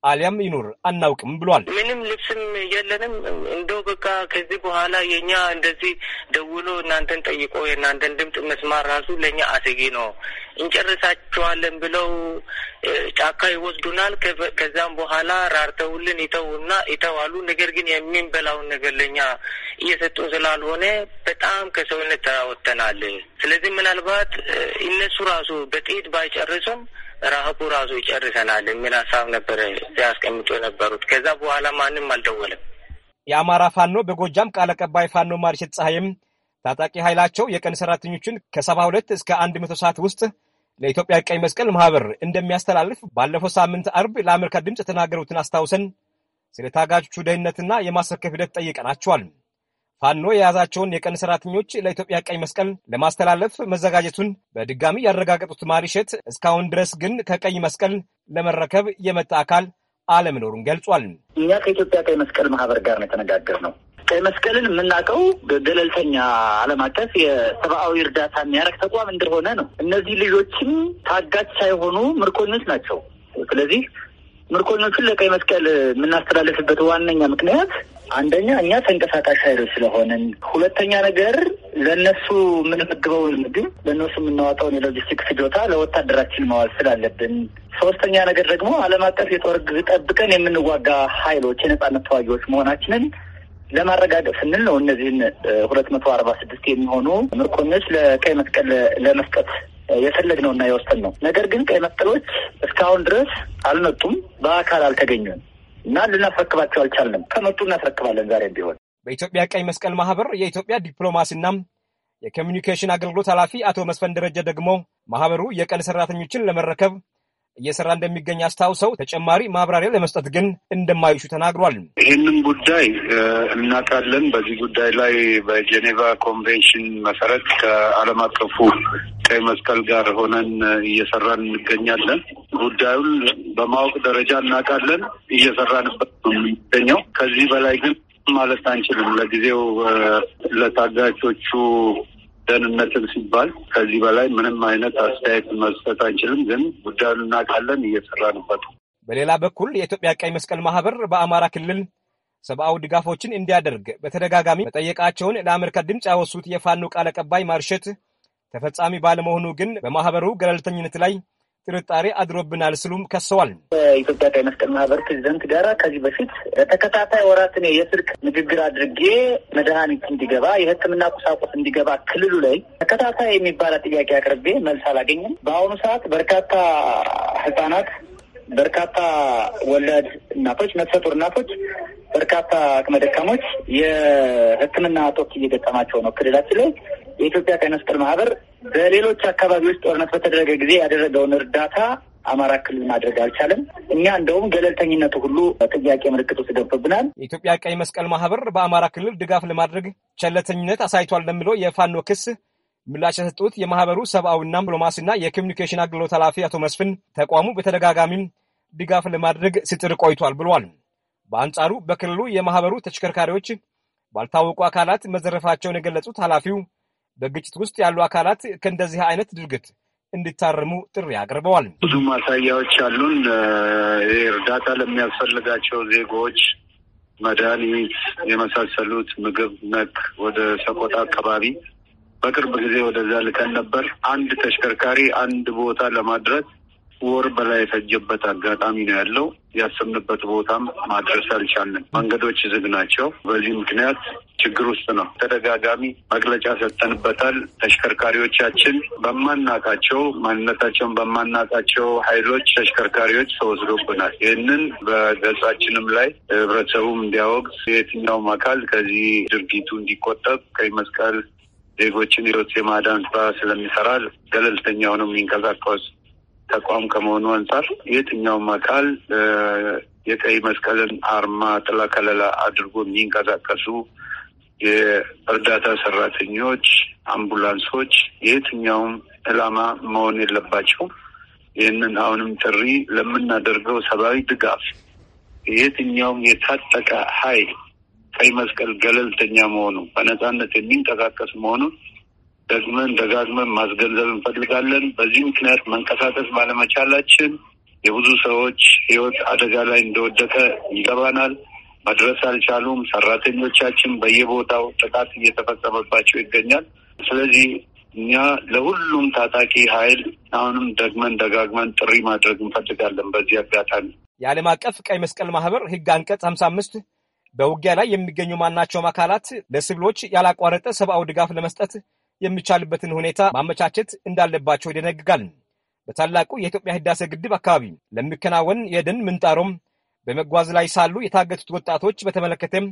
አሊያም ይኑር አናውቅም ብሏል። ምንም ልብስም የለንም። እንደው በቃ ከዚህ በኋላ የኛ እንደዚህ ደውሎ እናንተን ጠይቆ የእናንተን ድምፅ መስማር ራሱ ለእኛ አስጊ ነው። እንጨርሳቸዋለን ብለው ጫካ ይወስዱናል። ከዛም በኋላ ራርተውልን ይተውና ይተዋሉ። ነገር ግን የሚንበላውን ነገር ለእኛ እየሰጡን ስላልሆነ በጣም ከሰውነት ተራወተናል። ስለዚህ ምናልባት እነሱ ራሱ በጥይት ባይጨርሱም ረሀቡ ራሱ ይጨርሰናል የሚል ሀሳብ ነበር ሲያስቀምጡ የነበሩት። ከዛ በኋላ ማንም አልደወለም። የአማራ ፋኖ በጎጃም ቃል አቀባይ ፋኖ ማርሸት ፀሐይም ታጣቂ ኃይላቸው የቀን ሰራተኞችን ከሰባ ሁለት እስከ አንድ መቶ ሰዓት ውስጥ ለኢትዮጵያ ቀይ መስቀል ማህበር እንደሚያስተላልፍ ባለፈው ሳምንት አርብ ለአሜሪካ ድምፅ የተናገሩትን አስታውሰን ስለ ታጋቾቹ ደህንነትና የማስረከብ ሂደት ጠይቀናቸዋል። ፋኖ የያዛቸውን የቀን ሰራተኞች ለኢትዮጵያ ቀይ መስቀል ለማስተላለፍ መዘጋጀቱን በድጋሚ ያረጋገጡት ማሪሸት እስካሁን ድረስ ግን ከቀይ መስቀል ለመረከብ የመጣ አካል አለመኖሩን ገልጿል። እኛ ከኢትዮጵያ ቀይ መስቀል ማህበር ጋር ነው የተነጋገርነው። ቀይ መስቀልን የምናውቀው ገለልተኛ ዓለም አቀፍ የሰብአዊ እርዳታ የሚያደርግ ተቋም እንደሆነ ነው። እነዚህ ልጆችም ታጋች ሳይሆኑ ምርኮኞች ናቸው። ስለዚህ ምርኮኞቹን ለቀይ መስቀል የምናስተላለፍበት ዋነኛ ምክንያት አንደኛ እኛ ተንቀሳቃሽ ኃይሎች ስለሆንን፣ ሁለተኛ ነገር ለእነሱ የምንመግበውን ምግብ ለእነሱ የምናወጣውን የሎጂስቲክ ፍጆታ ለወታደራችን መዋል ስላለብን፣ ሶስተኛ ነገር ደግሞ ዓለም አቀፍ የጦር ሕግ ጠብቀን የምንዋጋ ኃይሎች የነጻነት ተዋጊዎች መሆናችንን ለማረጋገጥ ስንል ነው እነዚህን ሁለት መቶ አርባ ስድስት የሚሆኑ ምርኮኞች ለቀይ መስቀል ለመስጠት የፈለግነው እና የወሰን ነው። ነገር ግን ቀይ መስቀሎች እስካሁን ድረስ አልመጡም፣ በአካል አልተገኙም እና ልናስረክባቸው አልቻልንም። ከመጡ እናስረክባለን። ዛሬም ቢሆን በኢትዮጵያ ቀይ መስቀል ማህበር የኢትዮጵያ ዲፕሎማሲና የኮሚኒኬሽን አገልግሎት ኃላፊ አቶ መስፈን ደረጀ ደግሞ ማህበሩ የቀን ሰራተኞችን ለመረከብ እየሰራ እንደሚገኝ አስታውሰው ተጨማሪ ማብራሪያ ለመስጠት ግን እንደማይሹ ተናግሯል። ይህንን ጉዳይ እናውቃለን። በዚህ ጉዳይ ላይ በጄኔቫ ኮንቬንሽን መሰረት ከዓለም አቀፉ ቀይ መስቀል ጋር ሆነን እየሰራን እንገኛለን። ጉዳዩን በማወቅ ደረጃ እናውቃለን፣ እየሰራንበት ነው ከዚህ በላይ ግን ማለት አንችልም። ለጊዜው ለታጋቾቹ ደህንነትም ሲባል ከዚህ በላይ ምንም አይነት አስተያየት መስጠት አንችልም። ግን ጉዳዩን እናውቃለን፣ እየሰራንበት። በሌላ በኩል የኢትዮጵያ ቀይ መስቀል ማህበር በአማራ ክልል ሰብአዊ ድጋፎችን እንዲያደርግ በተደጋጋሚ መጠየቃቸውን ለአሜሪካ ድምፅ ያወሱት የፋኖ ቃል አቀባይ ማርሸት ተፈጻሚ ባለመሆኑ ግን በማህበሩ ገለልተኝነት ላይ ጥርጣሬ አድሮብናል ስሉም ከሰዋል። የኢትዮጵያ ቀይ መስቀል ማህበር ፕሬዚደንት ጋራ ከዚህ በፊት ተከታታይ ወራት የስልክ ንግግር አድርጌ መድኃኒት እንዲገባ የሕክምና ቁሳቁስ እንዲገባ ክልሉ ላይ ተከታታይ የሚባል ጥያቄ አቅርቤ መልስ አላገኝም። በአሁኑ ሰዓት በርካታ ህጻናት በርካታ ወላድ እናቶች፣ ነፍሰ እናቶች፣ በርካታ አቅመ ደካሞች የህክምና እጦት እየገጠማቸው ነው። ክልላችን ላይ የኢትዮጵያ ቀይ መስቀል ማህበር በሌሎች አካባቢዎች ጦርነት በተደረገ ጊዜ ያደረገውን እርዳታ አማራ ክልል ማድረግ አልቻለም። እኛ እንደውም ገለልተኝነቱ ሁሉ ጥያቄ ምልክት ውስጥ ገብቶብናል። የኢትዮጵያ ቀይ መስቀል ማህበር በአማራ ክልል ድጋፍ ለማድረግ ቸለተኝነት አሳይቷል ለሚለው የፋኖ ክስ ምላሽ የሰጡት የማህበሩ ሰብአዊና ዲፕሎማሲና የኮሚኒኬሽን አገልግሎት ኃላፊ አቶ መስፍን ተቋሙ በተደጋጋሚም ድጋፍ ለማድረግ ሲጥር ቆይቷል ብሏል። በአንጻሩ በክልሉ የማህበሩ ተሽከርካሪዎች ባልታወቁ አካላት መዘረፋቸውን የገለጹት ኃላፊው በግጭት ውስጥ ያሉ አካላት ከእንደዚህ አይነት ድርግት እንዲታረሙ ጥሪ አቅርበዋል። ብዙ ማሳያዎች አሉን። እርዳታ ለሚያስፈልጋቸው ዜጎች መድኃኒት፣ የመሳሰሉት ምግብ ነክ ወደ ሰቆጣ አካባቢ በቅርብ ጊዜ ወደዛ ልከን ነበር። አንድ ተሽከርካሪ አንድ ቦታ ለማድረስ ወር በላይ የፈጀበት አጋጣሚ ነው ያለው። ያሰብንበት ቦታም ማድረስ አልቻለን። መንገዶች ዝግ ናቸው። በዚህ ምክንያት ችግር ውስጥ ነው። ተደጋጋሚ መግለጫ ሰጠንበታል። ተሽከርካሪዎቻችን በማናቃቸው ማንነታቸውን በማናቃቸው ኃይሎች ተሽከርካሪዎች ተወስዶብናል። ይህንን በገጻችንም ላይ ህብረተሰቡም እንዲያወግዝ የትኛውም አካል ከዚህ ድርጊቱ እንዲቆጠብ ቀይ መስቀል ዜጎችን ህይወት የማዳን ስራ ስለሚሰራ ገለልተኛ ሆነው የሚንቀሳቀስ ተቋም ከመሆኑ አንጻር የትኛውም አካል የቀይ መስቀልን አርማ ጥላ ከለላ አድርጎ የሚንቀሳቀሱ የእርዳታ ሰራተኞች፣ አምቡላንሶች የትኛውም ዕላማ መሆን የለባቸው። ይህንን አሁንም ጥሪ ለምናደርገው ሰብአዊ ድጋፍ የትኛውም የታጠቀ ኃይል ቀይ መስቀል ገለልተኛ መሆኑ በነጻነት የሚንቀሳቀስ መሆኑን ደግመን ደጋግመን ማስገንዘብ እንፈልጋለን። በዚህ ምክንያት መንቀሳቀስ ባለመቻላችን የብዙ ሰዎች ህይወት አደጋ ላይ እንደወደቀ ይገባናል። መድረስ አልቻሉም። ሰራተኞቻችን በየቦታው ጥቃት እየተፈጸመባቸው ይገኛል። ስለዚህ እኛ ለሁሉም ታጣቂ ኃይል አሁንም ደግመን ደጋግመን ጥሪ ማድረግ እንፈልጋለን። በዚህ አጋጣሚ የዓለም አቀፍ ቀይ መስቀል ማህበር ህግ አንቀጽ ሀምሳ አምስት በውጊያ ላይ የሚገኙ ማናቸውም አካላት ለሲቪሎች ያላቋረጠ ሰብአዊ ድጋፍ ለመስጠት የሚቻልበትን ሁኔታ ማመቻቸት እንዳለባቸው ይደነግጋል። በታላቁ የኢትዮጵያ ህዳሴ ግድብ አካባቢ ለሚከናወን የደን ምንጣሮም በመጓዝ ላይ ሳሉ የታገቱት ወጣቶች በተመለከተም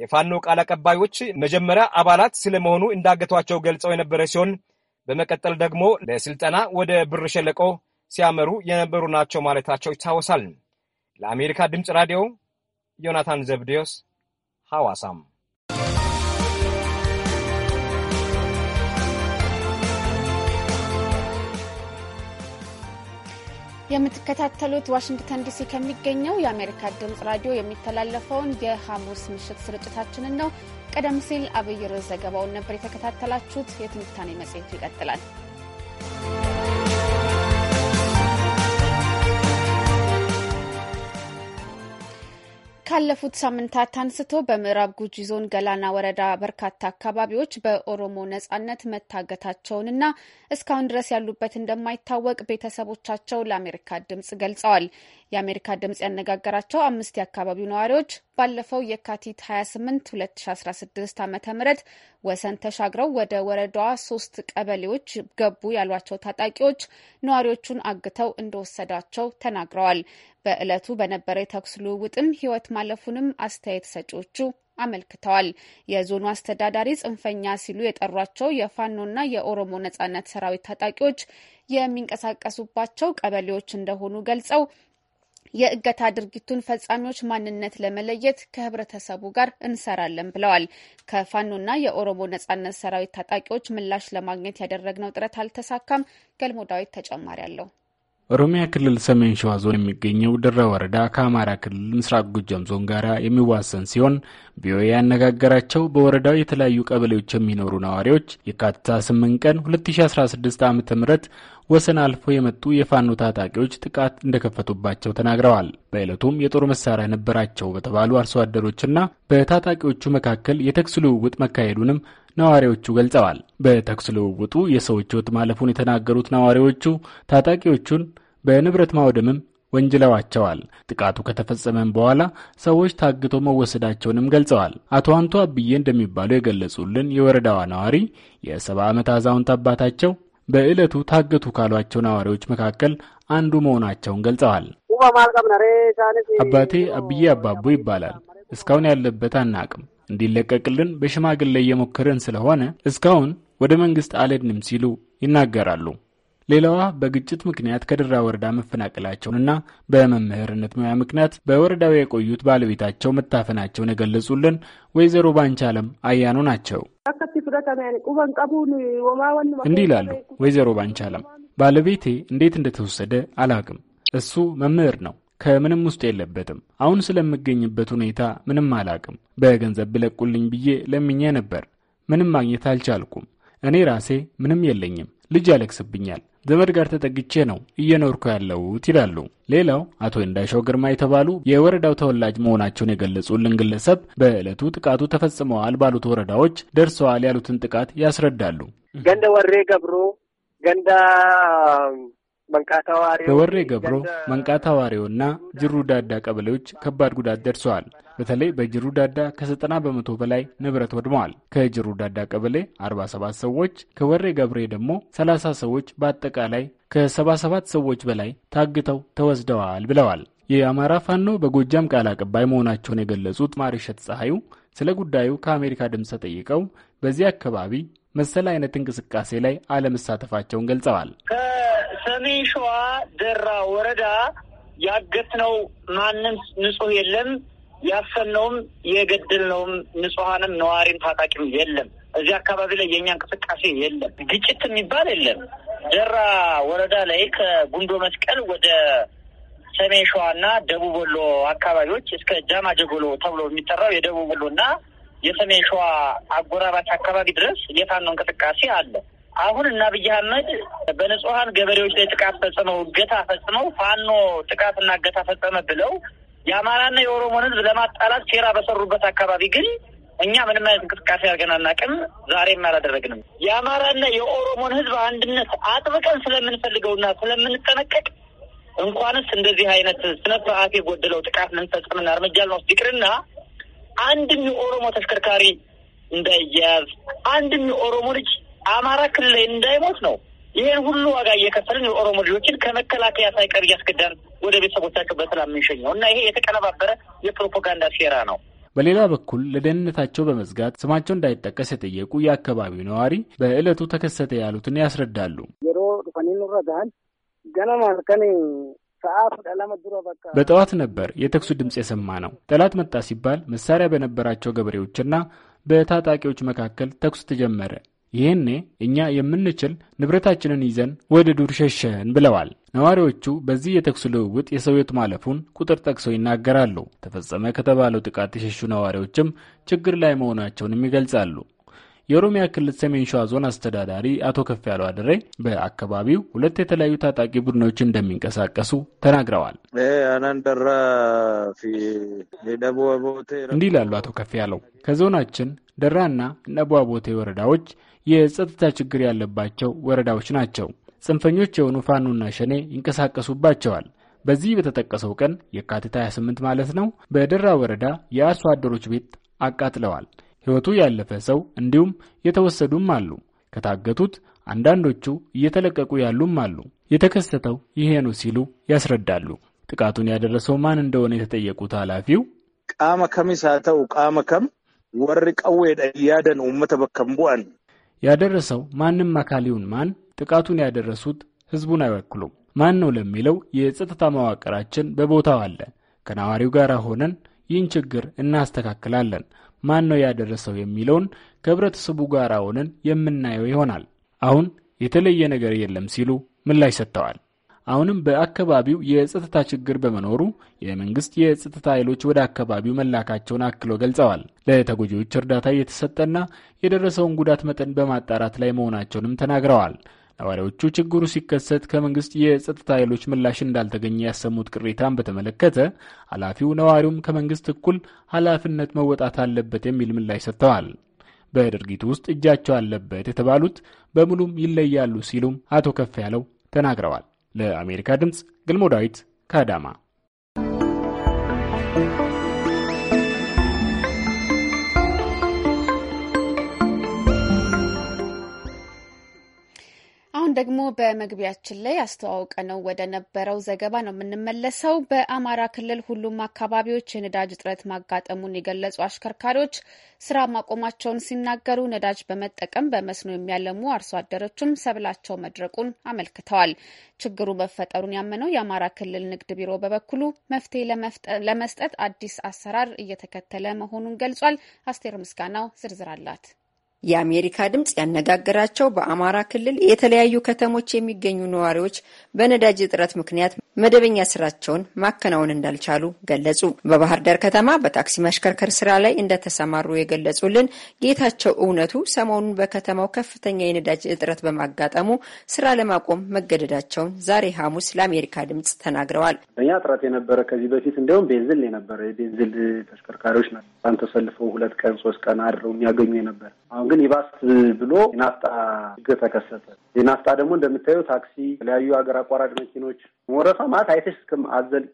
የፋኖ ቃል አቀባዮች መጀመሪያ አባላት ስለመሆኑ እንዳገቷቸው ገልጸው የነበረ ሲሆን በመቀጠል ደግሞ ለስልጠና ወደ ብር ሸለቆ ሲያመሩ የነበሩ ናቸው ማለታቸው ይታወሳል። ለአሜሪካ ድምፅ ራዲዮ ዮናታን ዘብዴዎስ ሐዋሳም የምትከታተሉት ዋሽንግተን ዲሲ ከሚገኘው የአሜሪካ ድምፅ ራዲዮ የሚተላለፈውን የሐሙስ ምሽት ስርጭታችንን ነው። ቀደም ሲል አብይ ርዕስ ዘገባውን ነበር የተከታተላችሁት። የትንታኔ መጽሔቱ ይቀጥላል። ካለፉት ሳምንታት አንስቶ በምዕራብ ጉጂ ዞን ገላና ወረዳ በርካታ አካባቢዎች በኦሮሞ ነጻነት መታገታቸውንና እስካሁን ድረስ ያሉበት እንደማይታወቅ ቤተሰቦቻቸው ለአሜሪካ ድምጽ ገልጸዋል። የአሜሪካ ድምጽ ያነጋገራቸው አምስት የአካባቢው ነዋሪዎች ባለፈው የካቲት 28 2016 ዓ ም ወሰን ተሻግረው ወደ ወረዳዋ ሶስት ቀበሌዎች ገቡ ያሏቸው ታጣቂዎች ነዋሪዎቹን አግተው እንደወሰዷቸው ተናግረዋል። በዕለቱ በነበረ የተኩስ ልውውጥም ሕይወት ማለፉንም አስተያየት ሰጪዎቹ አመልክተዋል። የዞኑ አስተዳዳሪ ጽንፈኛ ሲሉ የጠሯቸው የፋኖና የኦሮሞ ነጻነት ሰራዊት ታጣቂዎች የሚንቀሳቀሱባቸው ቀበሌዎች እንደሆኑ ገልጸው የእገታ ድርጊቱን ፈጻሚዎች ማንነት ለመለየት ከህብረተሰቡ ጋር እንሰራለን ብለዋል። ከፋኖና የኦሮሞ ነጻነት ሰራዊት ታጣቂዎች ምላሽ ለማግኘት ያደረግነው ጥረት አልተሳካም። ገልሞ ዳዊት ተጨማሪ አለው። ኦሮሚያ ክልል ሰሜን ሸዋ ዞን የሚገኘው ድረ ወረዳ ከአማራ ክልል ምስራቅ ጎጃም ዞን ጋር የሚዋሰን ሲሆን ቪኦኤ ያነጋገራቸው በወረዳው የተለያዩ ቀበሌዎች የሚኖሩ ነዋሪዎች የካቲት 8 ቀን 2016 ዓ.ም ወሰን አልፎ የመጡ የፋኖ ታጣቂዎች ጥቃት እንደከፈቱባቸው ተናግረዋል። በዕለቱም የጦር መሳሪያ ነበራቸው በተባሉ አርሶ አደሮችና በታጣቂዎቹ መካከል የተኩስ ልውውጥ መካሄዱንም ነዋሪዎቹ ገልጸዋል። በተኩስ ልውውጡ የሰዎች ሕይወት ማለፉን የተናገሩት ነዋሪዎቹ ታጣቂዎቹን በንብረት ማውደምም ወንጅለዋቸዋል። ጥቃቱ ከተፈጸመም በኋላ ሰዎች ታግቶ መወሰዳቸውንም ገልጸዋል። አቶ አንቶ አብዬ እንደሚባሉ የገለጹልን የወረዳዋ ነዋሪ የሰባ ዓመት አዛውንት አባታቸው በዕለቱ ታገቱ ካሏቸው ነዋሪዎች መካከል አንዱ መሆናቸውን ገልጸዋል። አባቴ አብዬ አባቦ ይባላል። እስካሁን ያለበት አናቅም። እንዲለቀቅልን በሽማግሌ እየሞከርን ስለሆነ እስካሁን ወደ መንግስት አልሄድንም ሲሉ ይናገራሉ። ሌላዋ በግጭት ምክንያት ከድራ ወረዳ መፈናቀላቸውንና በመምህርነት ሙያ ምክንያት በወረዳው የቆዩት ባለቤታቸው መታፈናቸውን የገለጹልን ወይዘሮ ባንቻለም አያኑ ናቸው። እንዲህ ይላሉ ወይዘሮ ባንቻለም። ባለቤቴ እንዴት እንደተወሰደ አላውቅም። እሱ መምህር ነው። ከምንም ውስጥ የለበትም። አሁን ስለምገኝበት ሁኔታ ምንም አላውቅም። በገንዘብ ብለቁልኝ ብዬ ለምኜ ነበር። ምንም ማግኘት አልቻልኩም። እኔ ራሴ ምንም የለኝም። ልጅ ያለቅስብኛል። ዘመድ ጋር ተጠግቼ ነው እየኖርኩ ያለሁት ይላሉ። ሌላው አቶ እንዳሻው ግርማ የተባሉ የወረዳው ተወላጅ መሆናቸውን የገለጹልን ግለሰብ በዕለቱ ጥቃቱ ተፈጽመዋል ባሉት ወረዳዎች ደርሰዋል ያሉትን ጥቃት ያስረዳሉ። ገንደ ወሬ ገብሮ ገንዳ በወሬ ገብሮ መንቃታ ዋሪዎና ጅሩ ዳዳ ቀበሌዎች ከባድ ጉዳት ደርሰዋል። በተለይ በጅሩ ዳዳ ከዘጠና በመቶ በላይ ንብረት ወድመዋል። ከጅሩ ዳዳ ቀበሌ 47 ሰዎች ከወሬ ገብሬ ደግሞ 30 ሰዎች በአጠቃላይ ከ77 ሰዎች በላይ ታግተው ተወስደዋል ብለዋል። የአማራ ፋኖ በጎጃም ቃል አቀባይ መሆናቸውን የገለጹት ማሪሸት ፀሐዩ ስለ ጉዳዩ ከአሜሪካ ድምፅ ተጠይቀው በዚህ አካባቢ መሰል አይነት እንቅስቃሴ ላይ አለመሳተፋቸውን ገልጸዋል። ከሰሜን ሸዋ ደራ ወረዳ ያገትነው ማንም ንጹህ የለም፣ ያፈነውም የገደልነውም ንጹሐንም ነዋሪም ታጣቂም የለም። እዚህ አካባቢ ላይ የእኛ እንቅስቃሴ የለም፣ ግጭት የሚባል የለም። ደራ ወረዳ ላይ ከጉንዶ መስቀል ወደ ሰሜን ሸዋና ደቡብ ወሎ አካባቢዎች እስከ ጃማ ጀጎሎ ተብሎ የሚጠራው የደቡብ ወሎና የሰሜን ሸዋ አጎራባች አካባቢ ድረስ የፋኖ እንቅስቃሴ አለ። አሁን እና አብይ አህመድ በንጹሀን ገበሬዎች ላይ ጥቃት ፈጽመው እገታ ፈጽመው ፋኖ ጥቃትና እገታ ፈጸመ ብለው የአማራና የኦሮሞን ህዝብ ለማጣላት ሴራ በሰሩበት አካባቢ ግን እኛ ምንም አይነት እንቅስቃሴ አድርገን አናውቅም፣ ዛሬም አላደረግንም። የአማራና የኦሮሞን ህዝብ አንድነት አጥብቀን ስለምንፈልገውና ስለምንጠነቀቅ እንኳንስ እንደዚህ አይነት ስነ ስርዓት የጎደለው ጥቃት ልንፈጽምና እርምጃ ልንወስድ ይቅርና አንድም የኦሮሞ ተሽከርካሪ እንዳይያዝ፣ አንድም የኦሮሞ ልጅ አማራ ክልል ላይ እንዳይሞት ነው። ይህን ሁሉ ዋጋ እየከፈልን የኦሮሞ ልጆችን ከመከላከያ ሳይቀር እያስገዳን ወደ ቤተሰቦቻቸው በሰላም የምንሸኘው እና ይሄ የተቀነባበረ የፕሮፓጋንዳ ሴራ ነው። በሌላ በኩል ለደህንነታቸው በመዝጋት ስማቸው እንዳይጠቀስ የጠየቁ የአካባቢው ነዋሪ በዕለቱ ተከሰተ ያሉትን ያስረዳሉ። ገና በጠዋት ነበር የተኩሱ ድምፅ የሰማ ነው። ጠላት መጣ ሲባል መሳሪያ በነበራቸው ገበሬዎችና በታጣቂዎች መካከል ተኩስ ተጀመረ። ይህኔ እኛ የምንችል ንብረታችንን ይዘን ወደ ዱር ሸሸን ብለዋል ነዋሪዎቹ። በዚህ የተኩስ ልውውጥ የሰው ሕይወት ማለፉን ቁጥር ጠቅሰው ይናገራሉ። ተፈጸመ ከተባለው ጥቃት የሸሹ ነዋሪዎችም ችግር ላይ መሆናቸውንም ይገልጻሉ። የኦሮሚያ ክልል ሰሜን ሸዋ ዞን አስተዳዳሪ አቶ ከፍ ያለው አድሬ በአካባቢው ሁለት የተለያዩ ታጣቂ ቡድኖች እንደሚንቀሳቀሱ ተናግረዋል። እንዲህ ይላሉ አቶ ከፍ ያለው ከዞናችን ደራና ነቦ ቦቴ ወረዳዎች የጸጥታ ችግር ያለባቸው ወረዳዎች ናቸው። ጽንፈኞች የሆኑ ፋኖና ሸኔ ይንቀሳቀሱባቸዋል። በዚህ በተጠቀሰው ቀን የካቲት 28 ማለት ነው፣ በደራ ወረዳ የአርሶ አደሮች ቤት አቃጥለዋል። ሕይወቱ ያለፈ ሰው እንዲሁም የተወሰዱም አሉ። ከታገቱት አንዳንዶቹ እየተለቀቁ ያሉም አሉ። የተከሰተው ይሄ ነው ሲሉ ያስረዳሉ። ጥቃቱን ያደረሰው ማን እንደሆነ የተጠየቁት ኃላፊው ቃመ ከሚሳ ተው ቃመ ከም ወር ቀዌ ደያደን ውመተ በከም ቡአን ያደረሰው ማንም አካሊውን ማን ጥቃቱን ያደረሱት ህዝቡን አይወክሉም። ማን ነው ለሚለው የጸጥታ መዋቅራችን በቦታው አለ። ከነዋሪው ጋር ሆነን ይህን ችግር እናስተካክላለን። ማን ነው ያደረሰው የሚለውን ከህብረተሰቡ ጋር ሆነን የምናየው ይሆናል። አሁን የተለየ ነገር የለም ሲሉ ምላሽ ሰጥተዋል። አሁንም በአካባቢው የጸጥታ ችግር በመኖሩ የመንግስት የጸጥታ ኃይሎች ወደ አካባቢው መላካቸውን አክለው ገልጸዋል። ለተጎጂዎች እርዳታ እየተሰጠና የደረሰውን ጉዳት መጠን በማጣራት ላይ መሆናቸውንም ተናግረዋል። ነዋሪዎቹ ችግሩ ሲከሰት ከመንግስት የጸጥታ ኃይሎች ምላሽ እንዳልተገኘ ያሰሙት ቅሬታን በተመለከተ ኃላፊው ነዋሪውም ከመንግስት እኩል ኃላፊነት መወጣት አለበት የሚል ምላሽ ሰጥተዋል። በድርጊቱ ውስጥ እጃቸው አለበት የተባሉት በሙሉም ይለያሉ ሲሉም አቶ ከፍ ያለው ተናግረዋል። ለአሜሪካ ድምፅ ግልሞ ዳዊት ከአዳማ ደግሞ በመግቢያችን ላይ አስተዋውቀ ነው ወደ ነበረው ዘገባ ነው የምንመለሰው። በአማራ ክልል ሁሉም አካባቢዎች የነዳጅ እጥረት ማጋጠሙን የገለጹ አሽከርካሪዎች ስራ ማቆማቸውን ሲናገሩ ነዳጅ በመጠቀም በመስኖ የሚያለሙ አርሶ አደሮችም ሰብላቸው መድረቁን አመልክተዋል። ችግሩ መፈጠሩን ያመነው የአማራ ክልል ንግድ ቢሮ በበኩሉ መፍትሄ ለመስጠት አዲስ አሰራር እየተከተለ መሆኑን ገልጿል። አስቴር ምስጋናው ዝርዝር አላት። የአሜሪካ ድምፅ ያነጋገራቸው በአማራ ክልል የተለያዩ ከተሞች የሚገኙ ነዋሪዎች በነዳጅ እጥረት ምክንያት መደበኛ ስራቸውን ማከናወን እንዳልቻሉ ገለጹ። በባህር ዳር ከተማ በታክሲ መሽከርከር ስራ ላይ እንደተሰማሩ የገለጹልን ጌታቸው እውነቱ ሰሞኑን በከተማው ከፍተኛ የነዳጅ እጥረት በማጋጠሙ ስራ ለማቆም መገደዳቸውን ዛሬ ሐሙስ ለአሜሪካ ድምፅ ተናግረዋል። እኛ እጥረት የነበረ ከዚህ በፊት እንዲሁም ቤንዝል የነበረ የቤንዝል ተሽከርካሪዎች ናቸው በጣም ተሰልፈው ሁለት ቀን ሶስት ቀን አድረው የሚያገኙ ነበር። አሁን ግን ይባስ ብሎ የናፍጣ ችግር ተከሰተ። የናፍጣ ደግሞ እንደምታየው ታክሲ፣ የተለያዩ ሀገር አቋራጭ መኪኖች ወረፋ ማለት አይተሽ እስከም አዘል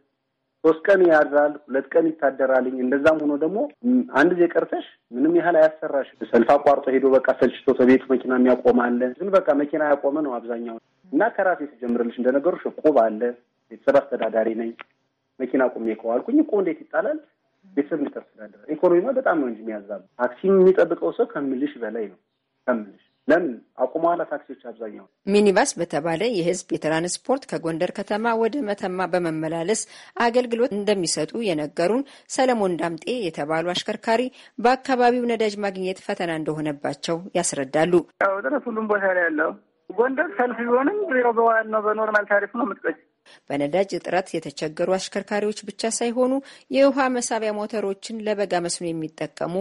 ሶስት ቀን ያድራል፣ ሁለት ቀን ይታደራልኝ። እንደዛም ሆኖ ደግሞ አንድ ዜ ቀርተሽ ምንም ያህል አያሰራሽ። ሰልፍ አቋርጦ ሄዶ በቃ ሰልችቶ ተቤቱ መኪና የሚያቆማለ ግን በቃ መኪና ያቆመ ነው አብዛኛው እና ከራሴ ሲጀምርልሽ እንደነገሩሽ እቁብ አለ። ቤተሰብ አስተዳዳሪ ነኝ። መኪና ቁሜ ከዋልኩኝ እቁብ እንዴት ይጣላል? ቤተሰብ እንዴት አስተዳደረ? ኢኮኖሚማ በጣም ነው እንጂ የሚያዛብ ታክሲ የሚጠብቀው ሰው ከምልሽ በላይ ነው ከምልሽ ለምን አቁመዋላ? ታክሲዎች አብዛኛው ሚኒባስ በተባለ የህዝብ የትራንስፖርት ከጎንደር ከተማ ወደ መተማ በመመላለስ አገልግሎት እንደሚሰጡ የነገሩን ሰለሞን ዳምጤ የተባሉ አሽከርካሪ በአካባቢው ነዳጅ ማግኘት ፈተና እንደሆነባቸው ያስረዳሉ። እጥረት ሁሉም ቦታ ላይ ያለው ጎንደር ሰልፍ ቢሆንም ያው በዋናው በኖርማል ታሪፍ ነው የምትቀጭ በነዳጅ እጥረት የተቸገሩ አሽከርካሪዎች ብቻ ሳይሆኑ የውሃ መሳቢያ ሞተሮችን ለበጋ መስኖ የሚጠቀሙ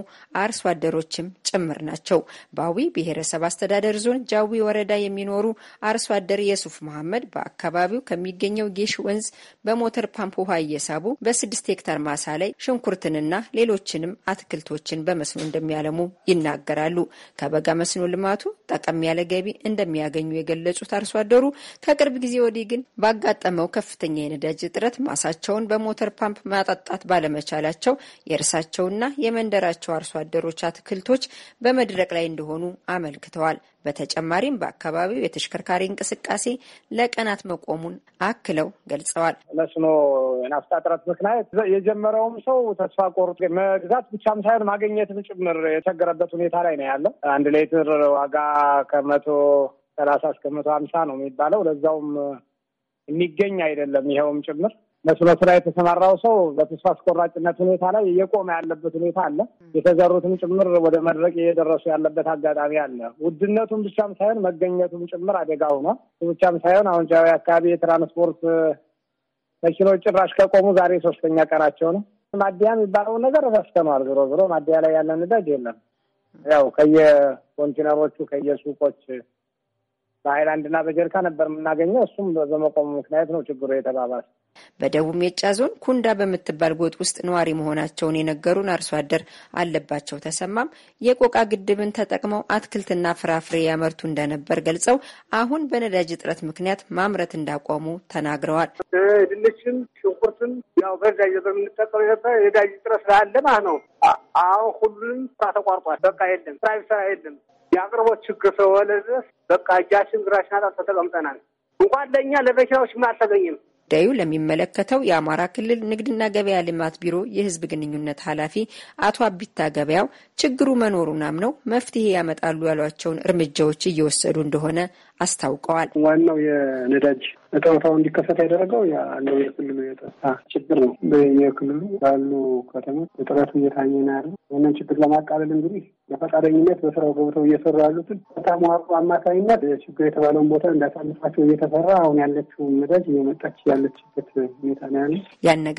አርሶ አደሮችም ጭምር ናቸው። በአዊ ብሔረሰብ አስተዳደር ዞን ጃዊ ወረዳ የሚኖሩ አርሶ አደር የሱፍ መሐመድ በአካባቢው ከሚገኘው ጌሽ ወንዝ በሞተር ፓምፕ ውሃ እየሳቡ በስድስት ሄክታር ማሳ ላይ ሽንኩርትንና ሌሎችንም አትክልቶችን በመስኖ እንደሚያለሙ ይናገራሉ። ከበጋ መስኖ ልማቱ ጠቀም ያለ ገቢ እንደሚያገኙ የገለጹት አርሶ አደሩ ከቅርብ ጊዜ ወዲህ ግን ባጋጠ ባጋጠመው ከፍተኛ የነዳጅ እጥረት ማሳቸውን በሞተር ፓምፕ ማጠጣት ባለመቻላቸው የእርሳቸውና የመንደራቸው አርሶ አደሮች አትክልቶች በመድረቅ ላይ እንደሆኑ አመልክተዋል። በተጨማሪም በአካባቢው የተሽከርካሪ እንቅስቃሴ ለቀናት መቆሙን አክለው ገልጸዋል። መስኖ ናፍጣ እጥረት ምክንያት የጀመረውም ሰው ተስፋ ቆርጦ መግዛት ብቻም ሳይሆን ማግኘትም ጭምር የቸገረበት ሁኔታ ላይ ነው ያለው። አንድ ሌትር ዋጋ ከመቶ ሰላሳ እስከ መቶ ሀምሳ ነው የሚባለው ለዛውም የሚገኝ አይደለም። ይኸውም ጭምር መስኖ ስራ የተሰማራው ሰው በተስፋ አስቆራጭነት ሁኔታ ላይ እየቆመ ያለበት ሁኔታ አለ። የተዘሩትም ጭምር ወደ መድረቅ እየደረሱ ያለበት አጋጣሚ አለ። ውድነቱም ብቻም ሳይሆን መገኘቱም ጭምር አደጋ ሆኗል። ብቻም ሳይሆን አሁን አካባቢ የትራንስፖርት መኪኖች ጭራሽ ከቆሙ ዛሬ ሶስተኛ ቀናቸው ነው። ማደያ የሚባለው ነገር ረስተኗል። ዞሮ ዞሮ ማደያ ላይ ያለን ነዳጅ የለም። ያው ከየኮንቲነሮቹ ከየሱቆች በሀይላንድና በጀሪካ ነበር የምናገኘው። እሱም በመቆሙ ምክንያት ነው ችግሩ የተባባሰ። በደቡብ ሜጫ ዞን ኩንዳ በምትባል ጎጥ ውስጥ ነዋሪ መሆናቸውን የነገሩን አርሶ አደር አለባቸው ተሰማም የቆቃ ግድብን ተጠቅመው አትክልትና ፍራፍሬ ያመርቱ እንደነበር ገልጸው አሁን በነዳጅ እጥረት ምክንያት ማምረት እንዳቆሙ ተናግረዋል። ድንችን፣ ሽንኩርትን ያው በዛ ነበር የምንጠቀመው የነበረ የነዳጅ እጥረት ስላለ ማለት ነው። አሁን ሁሉንም ስራ ተቋርጧል። በቃ የለም ስራ ስራ የለም የአቅርቦት ችግር ስለሆነ በቃ እጃችን ግራችን አጣጥተን ተቀምጠናል። እንኳን ለእኛ ለበሻዎችም አልተገኝም። ጉዳዩ ለሚመለከተው የአማራ ክልል ንግድና ገበያ ልማት ቢሮ የሕዝብ ግንኙነት ኃላፊ አቶ አቢታ ገበያው ችግሩ መኖሩን አምነው መፍትሄ ያመጣሉ ያሏቸውን እርምጃዎች እየወሰዱ እንደሆነ አስታውቀዋል። ዋናው የነዳጅ እጥረታው እንዲከሰት ያደረገው ያለው የክልሉ የጸጥታ ችግር ነው። በየክልሉ ባሉ ከተሞች እጥረቱ እየታየ ነው ያለ። ይህንን ችግር ለማቃለል እንግዲህ በፈቃደኝነት በስራው ገብተው እየሰሩ ያሉትን በጣም መዋቅሩ አማካኝነት ችግር የተባለውን ቦታ እንዳሳልፋቸው እየተሰራ አሁን ያለችውን ነዳጅ እየመጣች ያለችበት ሁኔታ ነው ያለ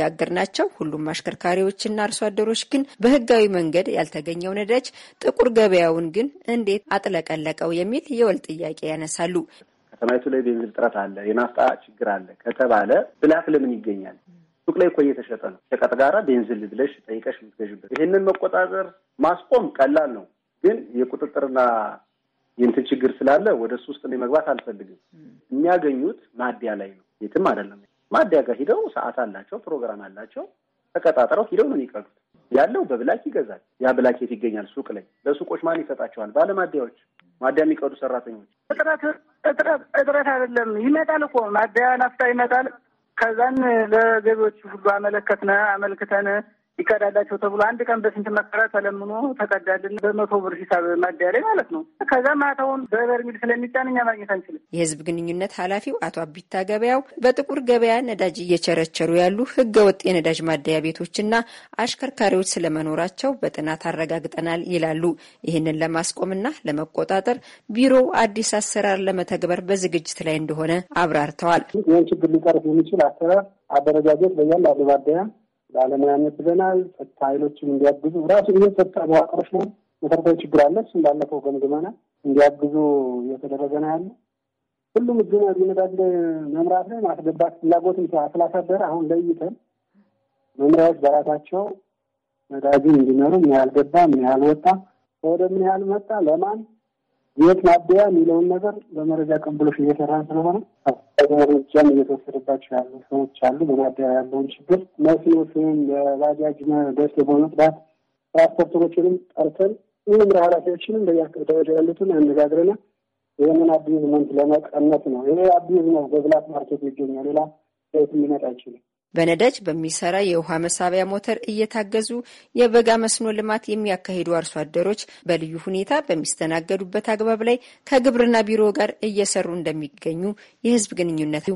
ናቸው ሁሉም አሽከርካሪዎችና አርሶ አደሮች ግን በህጋዊ መንገድ ያልተገኘው ነዳጅ ጥቁር ገበያውን ግን እንዴት አጥለቀለቀው የሚል የወል ጥያቄ ያነሳሉ። ይገኛሉ። ከተማይቱ ላይ ቤንዚን እጥረት አለ፣ የናፍጣ ችግር አለ ከተባለ ብላክ ለምን ይገኛል? ሱቅ ላይ እኮ እየተሸጠ ነው። ሸቀጥ ጋራ ቤንዚን ብለሽ ጠይቀሽ የምትገዥበት ይህንን መቆጣጠር ማስቆም ቀላል ነው፣ ግን የቁጥጥርና የእንትን ችግር ስላለ ወደ እሱ ውስጥ መግባት አልፈልግም። የሚያገኙት ማዲያ ላይ ነው፣ የትም አይደለም። ማዲያ ጋር ሂደው ሰዓት አላቸው፣ ፕሮግራም አላቸው። ተቀጣጥረው ሂደው ነው የሚቀዱት። ያለው በብላክ ይገዛል። ያ ብላኬት ይገኛል ሱቅ ላይ። ለሱቆች ማን ይሰጣቸዋል? ባለማደያዎች፣ ማደያ የሚቀዱ ሰራተኞች። እጥረት አይደለም፣ ይመጣል እኮ ማደያ ናፍታ ይመጣል። ከዛን ለገቢዎች ሁሉ አመለከትነ አመልክተን ይቀዳላቸው ተብሎ አንድ ቀን በስንት መከራ ተለምኖ ተቀዳልን፣ በመቶ ብር ሂሳብ ማደያ ላይ ማለት ነው። ከዛ ማታውን በበርሚል ስለሚጫን እኛ ማግኘት አንችልም። የህዝብ ግንኙነት ኃላፊው አቶ አቢታ ገበያው በጥቁር ገበያ ነዳጅ እየቸረቸሩ ያሉ ህገወጥ የነዳጅ ማደያ ቤቶችና አሽከርካሪዎች ስለመኖራቸው በጥናት አረጋግጠናል ይላሉ። ይህንን ለማስቆምና ለመቆጣጠር ቢሮው አዲስ አሰራር ለመተግበር በዝግጅት ላይ እንደሆነ አብራርተዋል። ይህን ችግር ሊቀርብ የሚችል አሰራር አደረጃጀት በያል አለማደያ ባለሙያ መድበናል። ጸጥታ ኃይሎችም እንዲያግዙ ራሱ ይህ ጸጥታ መዋቅሮች ነው መሰረታዊ ችግር አለ። እሱም ባለፈው ገምግመና እንዲያግዙ እየተደረገ ነው ያለ። ሁሉም ግን አድሚነዳል መምራት ላይ ማስገባት ፍላጎትም ስላሳደረ አሁን ለይተን መምሪያዎች በራሳቸው ነዳጁን እንዲመሩ ምን ያህል ገባ፣ ምን ያህል ወጣ፣ ወደ ምን ያህል መጣ፣ ለማን የት ማደያ የሚለውን ነገር በመረጃ ቀንብሎች እየሰራ ስለሆነ ቀድሞ እርምጃም እየተወሰደባቸው ያሉ ሰዎች አሉ። በጓዳያ ያለውን ችግር መስኖትም በባጃጅ ደስ በመጥባት ትራንስፖርተሮችንም ጠርተን ይህም ኃላፊዎችንም በየደረጃ ያሉትን አነጋግረና ይህንን አቢዝመንት ለመቀነት ነው። ይሄ አቢዝ ነው በብላክ ማርኬት ይገኛል። ሌላ ቤት ሊመጣ አይችልም። በነዳጅ በሚሰራ የውሃ መሳቢያ ሞተር እየታገዙ የበጋ መስኖ ልማት የሚያካሂዱ አርሶ አደሮች በልዩ ሁኔታ በሚስተናገዱበት አግባብ ላይ ከግብርና ቢሮ ጋር እየሰሩ እንደሚገኙ የህዝብ ግንኙነት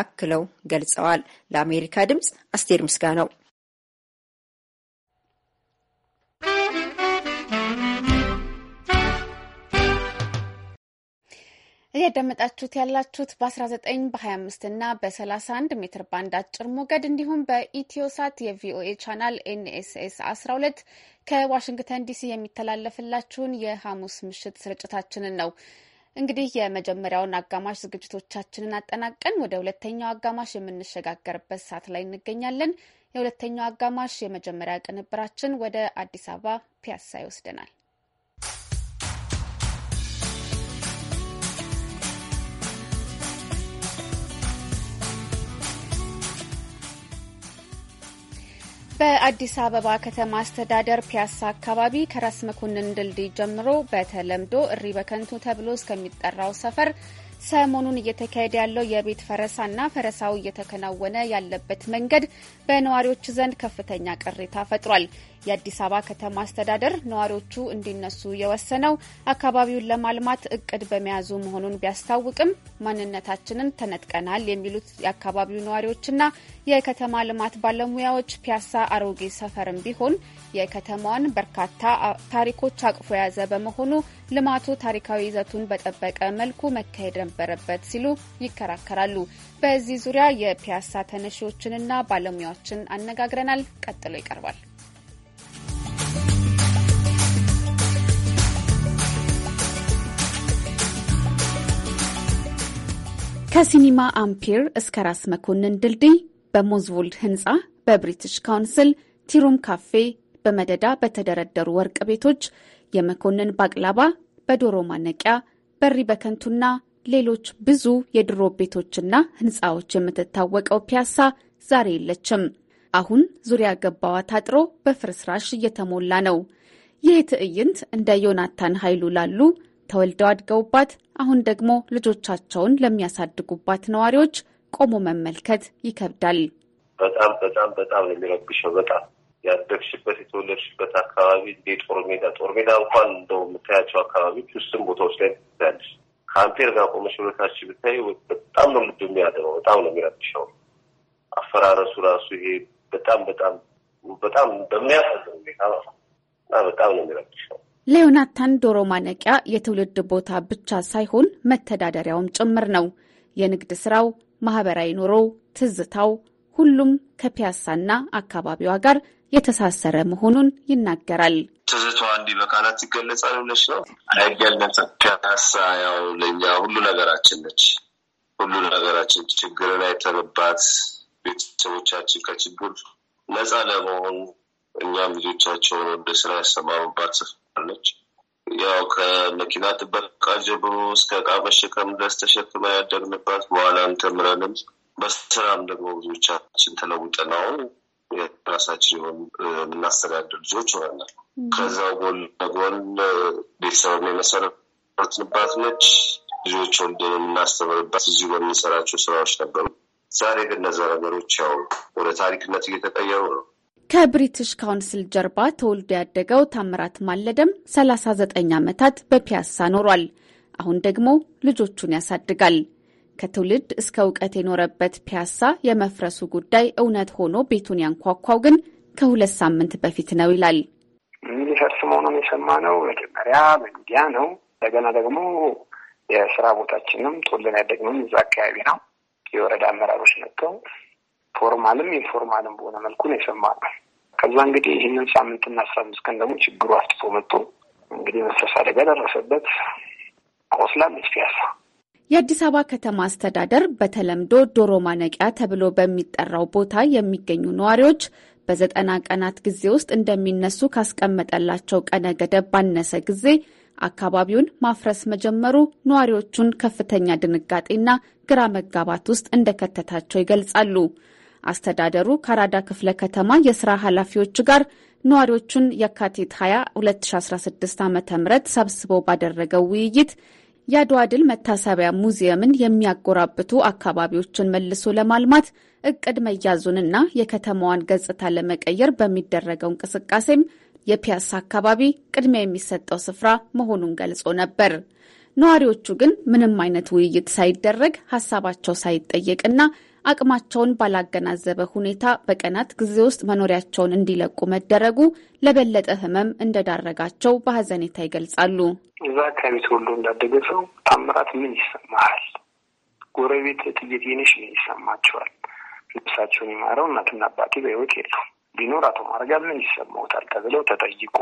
አክለው ገልጸዋል። ለአሜሪካ ድምጽ አስቴር ምስጋ ነው። እያዳመጣችሁት ያላችሁት በ19 በ25 እና በ31 ሜትር ባንድ አጭር ሞገድ እንዲሁም በኢትዮሳት የቪኦኤ ቻናል ኤንኤስኤስ 12 ከዋሽንግተን ዲሲ የሚተላለፍላችሁን የሐሙስ ምሽት ስርጭታችንን ነው። እንግዲህ የመጀመሪያውን አጋማሽ ዝግጅቶቻችንን አጠናቀን ወደ ሁለተኛው አጋማሽ የምንሸጋገርበት ሰዓት ላይ እንገኛለን። የሁለተኛው አጋማሽ የመጀመሪያ ቅንብራችን ወደ አዲስ አበባ ፒያሳ ይወስደናል። በአዲስ አበባ ከተማ አስተዳደር ፒያሳ አካባቢ ከራስ መኮንን ድልድይ ጀምሮ በተለምዶ እሪ በከንቱ ተብሎ እስከሚጠራው ሰፈር ሰሞኑን እየተካሄደ ያለው የቤት ፈረሳና ፈረሳው እየተከናወነ ያለበት መንገድ በነዋሪዎች ዘንድ ከፍተኛ ቅሬታ ፈጥሯል። የአዲስ አበባ ከተማ አስተዳደር ነዋሪዎቹ እንዲነሱ የወሰነው አካባቢውን ለማልማት እቅድ በመያዙ መሆኑን ቢያስታውቅም ማንነታችንን ተነጥቀናል የሚሉት የአካባቢው ነዋሪዎችና የከተማ ልማት ባለሙያዎች ፒያሳ አሮጌ ሰፈርም ቢሆን የከተማዋን በርካታ ታሪኮች አቅፎ የያዘ በመሆኑ ልማቱ ታሪካዊ ይዘቱን በጠበቀ መልኩ መካሄድ ነበረበት ሲሉ ይከራከራሉ። በዚህ ዙሪያ የፒያሳ ተነሺዎችንና ባለሙያዎችን አነጋግረናል። ቀጥሎ ይቀርባል። ከሲኒማ አምፒር እስከ ራስ መኮንን ድልድይ በሞዝቮልድ ህንፃ በብሪቲሽ ካውንስል ቲሩም ካፌ በመደዳ በተደረደሩ ወርቅ ቤቶች የመኮንን ባቅላባ በዶሮ ማነቂያ በሪ በከንቱና ሌሎች ብዙ የድሮ ቤቶችና ህንፃዎች የምትታወቀው ፒያሳ ዛሬ የለችም። አሁን ዙሪያ ገባዋ ታጥሮ በፍርስራሽ እየተሞላ ነው። ይህ ትዕይንት እንደ ዮናታን ኃይሉ ላሉ ተወልደው አድገውባት አሁን ደግሞ ልጆቻቸውን ለሚያሳድጉባት ነዋሪዎች ቆሞ መመልከት ይከብዳል። በጣም በጣም በጣም የሚረብሸው። በጣም ያደግሽበት የተወለድሽበት አካባቢ እንደ ጦር ሜዳ ጦር ሜዳ እንኳን እንደው የምታያቸው አካባቢዎች ውስን ቦታዎች ላይ ትታያለሽ። ከአንቴር ጋር ቆመሽ ሁለታች ብታይ በጣም ነው ልብ የሚያደረው በጣም ነው የሚረብሸው። አፈራረሱ ራሱ ይሄ በጣም በጣም በጣም በሚያሳዝን ሁኔታ በጣም ነው የሚረብሸው። ለዮናታን ዶሮ ማነቂያ የትውልድ ቦታ ብቻ ሳይሆን መተዳደሪያውም ጭምር ነው። የንግድ ስራው፣ ማህበራዊ ኑሮው፣ ትዝታው፣ ሁሉም ከፒያሳና አካባቢዋ ጋር የተሳሰረ መሆኑን ይናገራል። ትዝቷ እንዲህ በቃላት ይገለጻል ብለሽ ነው አይገለጽ። ፒያሳ ያው ለእኛ ሁሉ ነገራችን ነች። ሁሉ ነገራችን ችግር ላይ አይተንባት ቤተሰቦቻችን ከችግር ነፃ ለመሆን እኛም ልጆቻቸውን ወደ ስራ ያሰማሩባት አለች። ያው ከመኪና ጥበቃ ጀምሮ እስከ እቃ መሸከም ድረስ ተሸክማ ያደግንባት በኋላ ተምረንም በስራም ደግሞ ብዙዎቻችን ተለውጠን አሁን የራሳችን የሆን የምናስተዳድር ልጆች ሆነናል። ከዛው ጎን ለጎን ቤተሰብ የመሰረትንባት ነች። ልጆች ወልደን የምናስተምርባት እዚሁ በምንሰራቸው ስራዎች ነበሩ። ዛሬ ግን እነዛ ነገሮች ያው ወደ ታሪክነት እየተቀየሩ ነው። ከብሪቲሽ ካውንስል ጀርባ ተወልዶ ያደገው ታምራት ማለደም 39 ዓመታት በፒያሳ ኖሯል። አሁን ደግሞ ልጆቹን ያሳድጋል። ከትውልድ እስከ እውቀት የኖረበት ፒያሳ የመፍረሱ ጉዳይ እውነት ሆኖ ቤቱን ያንኳኳው ግን ከሁለት ሳምንት በፊት ነው ይላል። ሊፈርስ መሆኑን የሰማነው መጀመሪያ በሚዲያ ነው። እንደገና ደግሞ የስራ ቦታችንም ጦልን ያደግነው እዛ አካባቢ ነው። የወረዳ አመራሮች መጥተው ፎርማልም ኢንፎርማልም በሆነ መልኩ ነው የሰማነው። ከዛ እንግዲህ ይህንን ሳምንትና አስራ አምስት ቀን ደግሞ ችግሩ አስጥፎ መጥቶ እንግዲህ መፍረስ አደጋ ደረሰበት። ቆስላለች ፒያሳ። የአዲስ አበባ ከተማ አስተዳደር በተለምዶ ዶሮ ማነቂያ ተብሎ በሚጠራው ቦታ የሚገኙ ነዋሪዎች በዘጠና ቀናት ጊዜ ውስጥ እንደሚነሱ ካስቀመጠላቸው ቀነ ገደብ ባነሰ ጊዜ አካባቢውን ማፍረስ መጀመሩ ነዋሪዎቹን ከፍተኛ ድንጋጤና ግራ መጋባት ውስጥ እንደከተታቸው ይገልጻሉ። አስተዳደሩ ከአራዳ ክፍለ ከተማ የስራ ኃላፊዎች ጋር ነዋሪዎቹን የካቲት 20 2016 ዓ ም ሰብስቦ ባደረገው ውይይት የአድዋ ድል መታሰቢያ ሙዚየምን የሚያጎራብቱ አካባቢዎችን መልሶ ለማልማት እቅድ መያዙንና የከተማዋን ገጽታ ለመቀየር በሚደረገው እንቅስቃሴም የፒያሳ አካባቢ ቅድሚያ የሚሰጠው ስፍራ መሆኑን ገልጾ ነበር። ነዋሪዎቹ ግን ምንም አይነት ውይይት ሳይደረግ ሀሳባቸው ሳይጠየቅና አቅማቸውን ባላገናዘበ ሁኔታ በቀናት ጊዜ ውስጥ መኖሪያቸውን እንዲለቁ መደረጉ ለበለጠ ህመም እንደዳረጋቸው በሀዘኔታ ይገልጻሉ። እዛ አካባቢ ተወልዶ እንዳደገ ሰው ታምራት ምን ይሰማሃል? ጎረቤት እትዬ ጤነሽ ምን ይሰማቸዋል? ልብሳቸውን የማረው እናትና አባቴ በህይወት የሉም ቢኖር አቶ ማረጋ ምን ይሰማውታል ተብለው ተጠይቆ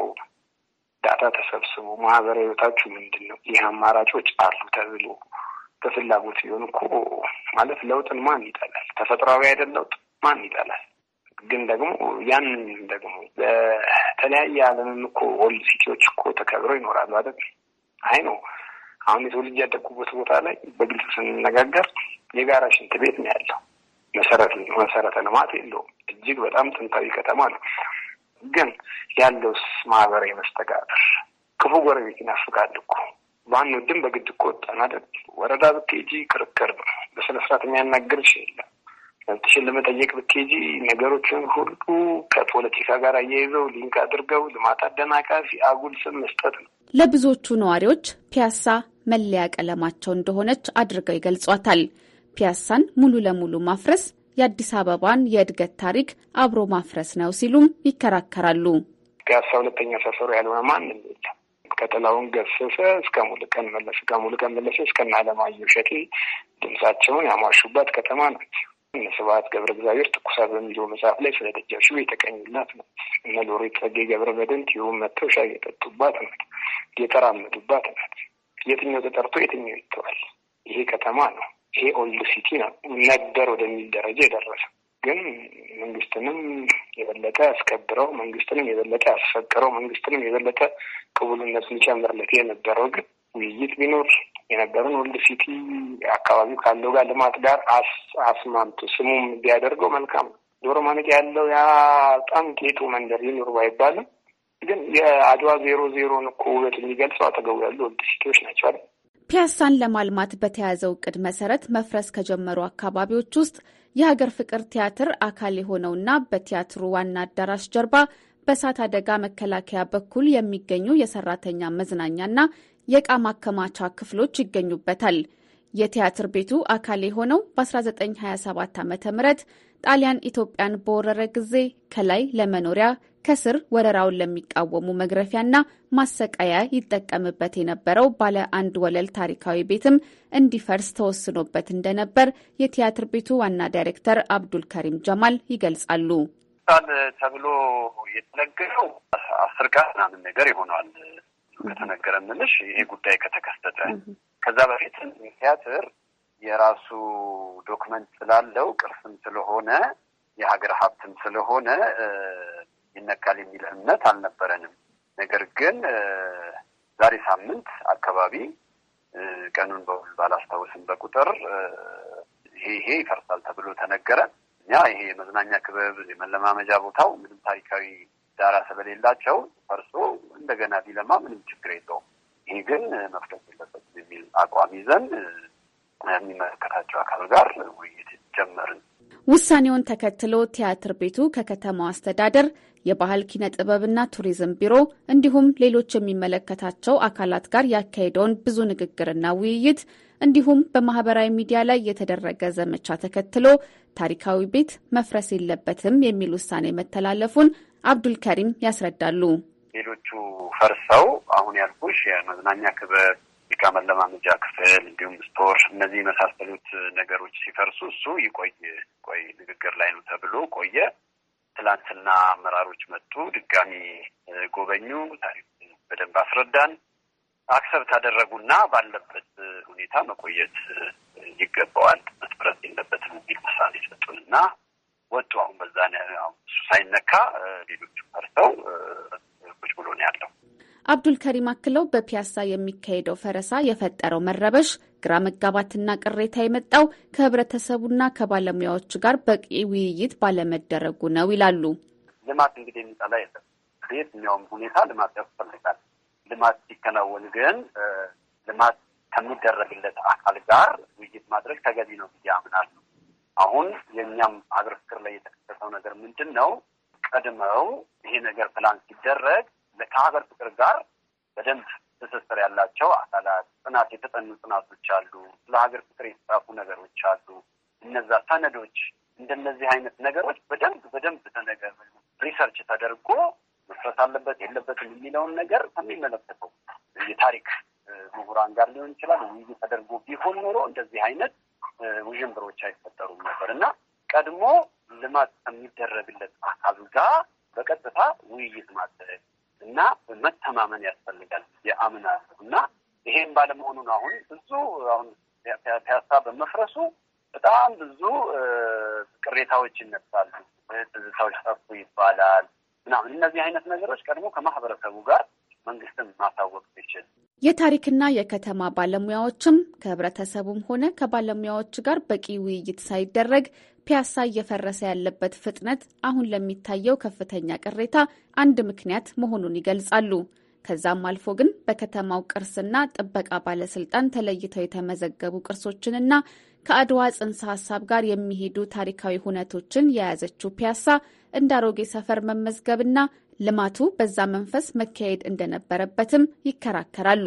ዳታ ተሰብስቦ ማህበራዊ ህይወታችሁ ምንድን ነው? ይህ አማራጮች አሉ ተብሎ በፍላጎት ሲሆን እኮ ማለት ለውጥን ማን ይጠላል? ተፈጥሯዊ አይደል ለውጥ ማን ይጠላል? ግን ደግሞ ያንን ደግሞ በተለያየ ዓለምም እኮ ወልድ ሲቲዎች እኮ ተከብረው ይኖራሉ አይደል? አይ ነው አሁን የሰው ልጅ ያደጉበት ቦታ ላይ በግልጽ ስንነጋገር የጋራ ሽንት ቤት ነው ያለው። መሰረት መሰረተ ልማት የለውም። እጅግ በጣም ጥንታዊ ከተማ ነው። ግን ያለውስ ማህበራዊ መስተጋብር ክፉ ጎረቤት ይናፍቃል እኮ ድን በግድ ከወጣን አይደል። ወረዳ ብትሄጂ ክርክር ነው። በስነ ስርዓት የሚያናግርሽ የለም። መብትሽን ለመጠየቅ ብትሄጂ ነገሮችን ሁሉ ከፖለቲካ ጋር አያይዘው ሊንክ አድርገው ልማት አደናቃፊ አጉል ስም መስጠት ነው። ለብዙዎቹ ነዋሪዎች ፒያሳ መለያ ቀለማቸው እንደሆነች አድርገው ይገልጿታል። ፒያሳን ሙሉ ለሙሉ ማፍረስ የአዲስ አበባን የእድገት ታሪክ አብሮ ማፍረስ ነው ሲሉም ይከራከራሉ። ፒያሳ ሁለተኛ ሰፈሩ ያልሆነ ማንም የለም። ከጥላሁን ገሰሰ እስከ ሙሉቀን መለሰ ከሙሉቀን መለሰ እስከ አለማየሁ እሸቴ ድምጻቸውን ያሟሹባት ከተማ ናት። እነ ስብሐት ገብረ እግዚአብሔር ትኩሳት በሚለው መጽሐፍ ላይ ስለ ደጃሹ የተቀኙላት ነው። እነ ሎሬት ጸጋዬ ገብረ መድኅን ይሁን መጥተው ሻይ የጠጡባት ናት፣ የተራመዱባት ናት። የትኛው ተጠርቶ የትኛው ይተዋል? ይሄ ከተማ ነው። ይሄ ኦልድ ሲቲ ነው ነበር ወደሚል ደረጃ የደረሰው። ግን መንግስትንም የበለጠ አስከብረው መንግስትንም የበለጠ አስፈቅረው መንግስትንም የበለጠ ቅቡልነት ሊጨምርለት የነበረው ግን ውይይት ቢኖር የነበረን ወልድ ሲቲ አካባቢው ካለው ጋር ልማት ጋር አስማምቶ ስሙም ቢያደርገው መልካም ነው። ዶሮ ማነቅ ያለው ያ በጣም ጌጡ መንደር ይኑር ባይባልም ግን የአድዋ ዜሮ ዜሮን እኮ ውበት የሚገልጸው አጠገቡ ያሉ ወልድ ሲቲዎች ናቸው አይደል? ፒያሳን ለማልማት በተያዘው እቅድ መሰረት መፍረስ ከጀመሩ አካባቢዎች ውስጥ የሀገር ፍቅር ቲያትር አካል የሆነውና በቲያትሩ ዋና አዳራሽ ጀርባ በእሳት አደጋ መከላከያ በኩል የሚገኙ የሰራተኛ መዝናኛና የእቃ ማከማቻ ክፍሎች ይገኙበታል። የቲያትር ቤቱ አካል የሆነው በ1927 ዓ ም ጣሊያን ኢትዮጵያን በወረረ ጊዜ ከላይ ለመኖሪያ ከስር ወረራውን ለሚቃወሙ መግረፊያና ማሰቃያ ይጠቀምበት የነበረው ባለ አንድ ወለል ታሪካዊ ቤትም እንዲፈርስ ተወስኖበት እንደነበር የቲያትር ቤቱ ዋና ዳይሬክተር አብዱል ከሪም ጀማል ይገልጻሉ። ሳል ተብሎ የተነገረው አስር ቀን ምናምን ነገር ይሆነዋል ከተነገረ ምንሽ ይሄ ጉዳይ ከተከሰተ ከዛ በፊትም የቲያትር የራሱ ዶክመንት ስላለው ቅርስም ስለሆነ የሀገር ሀብትም ስለሆነ ይነካል የሚል እምነት አልነበረንም። ነገር ግን ዛሬ ሳምንት አካባቢ ቀኑን በውል ባላስታውስም በቁጥር ይሄ ይሄ ይፈርሳል ተብሎ ተነገረ። እኛ ይሄ የመዝናኛ ክበብ የመለማመጃ ቦታው ምንም ታሪካዊ ዳራ ስለሌላቸው ፈርሶ እንደገና ቢለማ ምንም ችግር የለውም፣ ይሄ ግን መፍረስ የለበትም የሚል አቋም ይዘን የሚመለከታቸው አካል ጋር ውይይት ጀመርን። ውሳኔውን ተከትሎ ቲያትር ቤቱ ከከተማው አስተዳደር የባህል ኪነ ጥበብና ቱሪዝም ቢሮ እንዲሁም ሌሎች የሚመለከታቸው አካላት ጋር ያካሄደውን ብዙ ንግግርና ውይይት እንዲሁም በማህበራዊ ሚዲያ ላይ የተደረገ ዘመቻ ተከትሎ ታሪካዊ ቤት መፍረስ የለበትም የሚል ውሳኔ መተላለፉን አብዱልከሪም ያስረዳሉ። ሌሎቹ ፈርሰው አሁን ያልኩሽ የመዝናኛ ክበብ፣ ሙዚቃ መለማመጃ ክፍል እንዲሁም ስቶር፣ እነዚህ የመሳሰሉት ነገሮች ሲፈርሱ እሱ ይቆይ ቆይ ንግግር ላይ ነው ተብሎ ቆየ። ትላንትና አመራሮች መጡ፣ ድጋሚ ጎበኙ፣ ታሪክ በደንብ አስረዳን። አክሰብት አደረጉና ባለበት ሁኔታ መቆየት ይገባዋል፣ መትብረት የለበትም የሚል ሰጡን ሰጡንና ወጡ። አሁን በዛ እሱ ሳይነካ ሌሎቹ መርተው ቁጭ ብሎ ነው ያለው። አብዱል ከሪም አክለው በፒያሳ የሚካሄደው ፈረሳ የፈጠረው መረበሽ ግራ መጋባትና ቅሬታ የመጣው ከህብረተሰቡና ከባለሙያዎች ጋር በቂ ውይይት ባለመደረጉ ነው ይላሉ። ልማት እንግዲህ የሚጠላ የለም። በየትኛውም ሁኔታ ልማት ያስፈልጋል። ልማት ሲከናወን ግን ልማት ከሚደረግለት አካል ጋር ውይይት ማድረግ ተገቢ ነው ብዬ አምናለሁ። አሁን የእኛም ሀገር ፍቅር ላይ የተከሰተው ነገር ምንድን ነው? ቀድመው ይሄ ነገር ፕላን ሲደረግ ከሀገር ፍቅር ጋር በደንብ ትስስር ያላቸው አካላት ጥናት የተጠኑ ጥናቶች አሉ። ስለ ሀገር ፍቅር የተጻፉ ነገሮች አሉ። እነዛ ሰነዶች እንደነዚህ አይነት ነገሮች በደንብ በደንብ ተነገር ሪሰርች ተደርጎ መፍረስ አለበት የለበትም የሚለውን ነገር ከሚመለከተው የታሪክ ምሁራን ጋር ሊሆን ይችላል ውይይት ተደርጎ ቢሆን ኖሮ እንደዚህ አይነት ውዥንብሮች አይፈጠሩም ነበር እና ቀድሞ ልማት ከሚደረግለት አካል ጋር በቀጥታ ውይይት ማድረግ እና መተማመን ያስፈልጋል የአምና እና ይሄም ባለመሆኑ አሁን ብዙ አሁን ፒያሳ በመፍረሱ በጣም ብዙ ቅሬታዎች ይነሳሉ። ትዝታዎች ጠፉ ይባላል ምናምን። እነዚህ አይነት ነገሮች ቀድሞ ከማህበረሰቡ ጋር መንግስትን ማሳወቅ ይችል። የታሪክና የከተማ ባለሙያዎችም ከህብረተሰቡም ሆነ ከባለሙያዎች ጋር በቂ ውይይት ሳይደረግ ፒያሳ እየፈረሰ ያለበት ፍጥነት አሁን ለሚታየው ከፍተኛ ቅሬታ አንድ ምክንያት መሆኑን ይገልጻሉ። ከዛም አልፎ ግን በከተማው ቅርስና ጥበቃ ባለስልጣን ተለይተው የተመዘገቡ ቅርሶችንና ከአድዋ ጽንሰ ሀሳብ ጋር የሚሄዱ ታሪካዊ ሁነቶችን የያዘችው ፒያሳ እንደ አሮጌ ሰፈር መመዝገብና ልማቱ በዛ መንፈስ መካሄድ እንደነበረበትም ይከራከራሉ።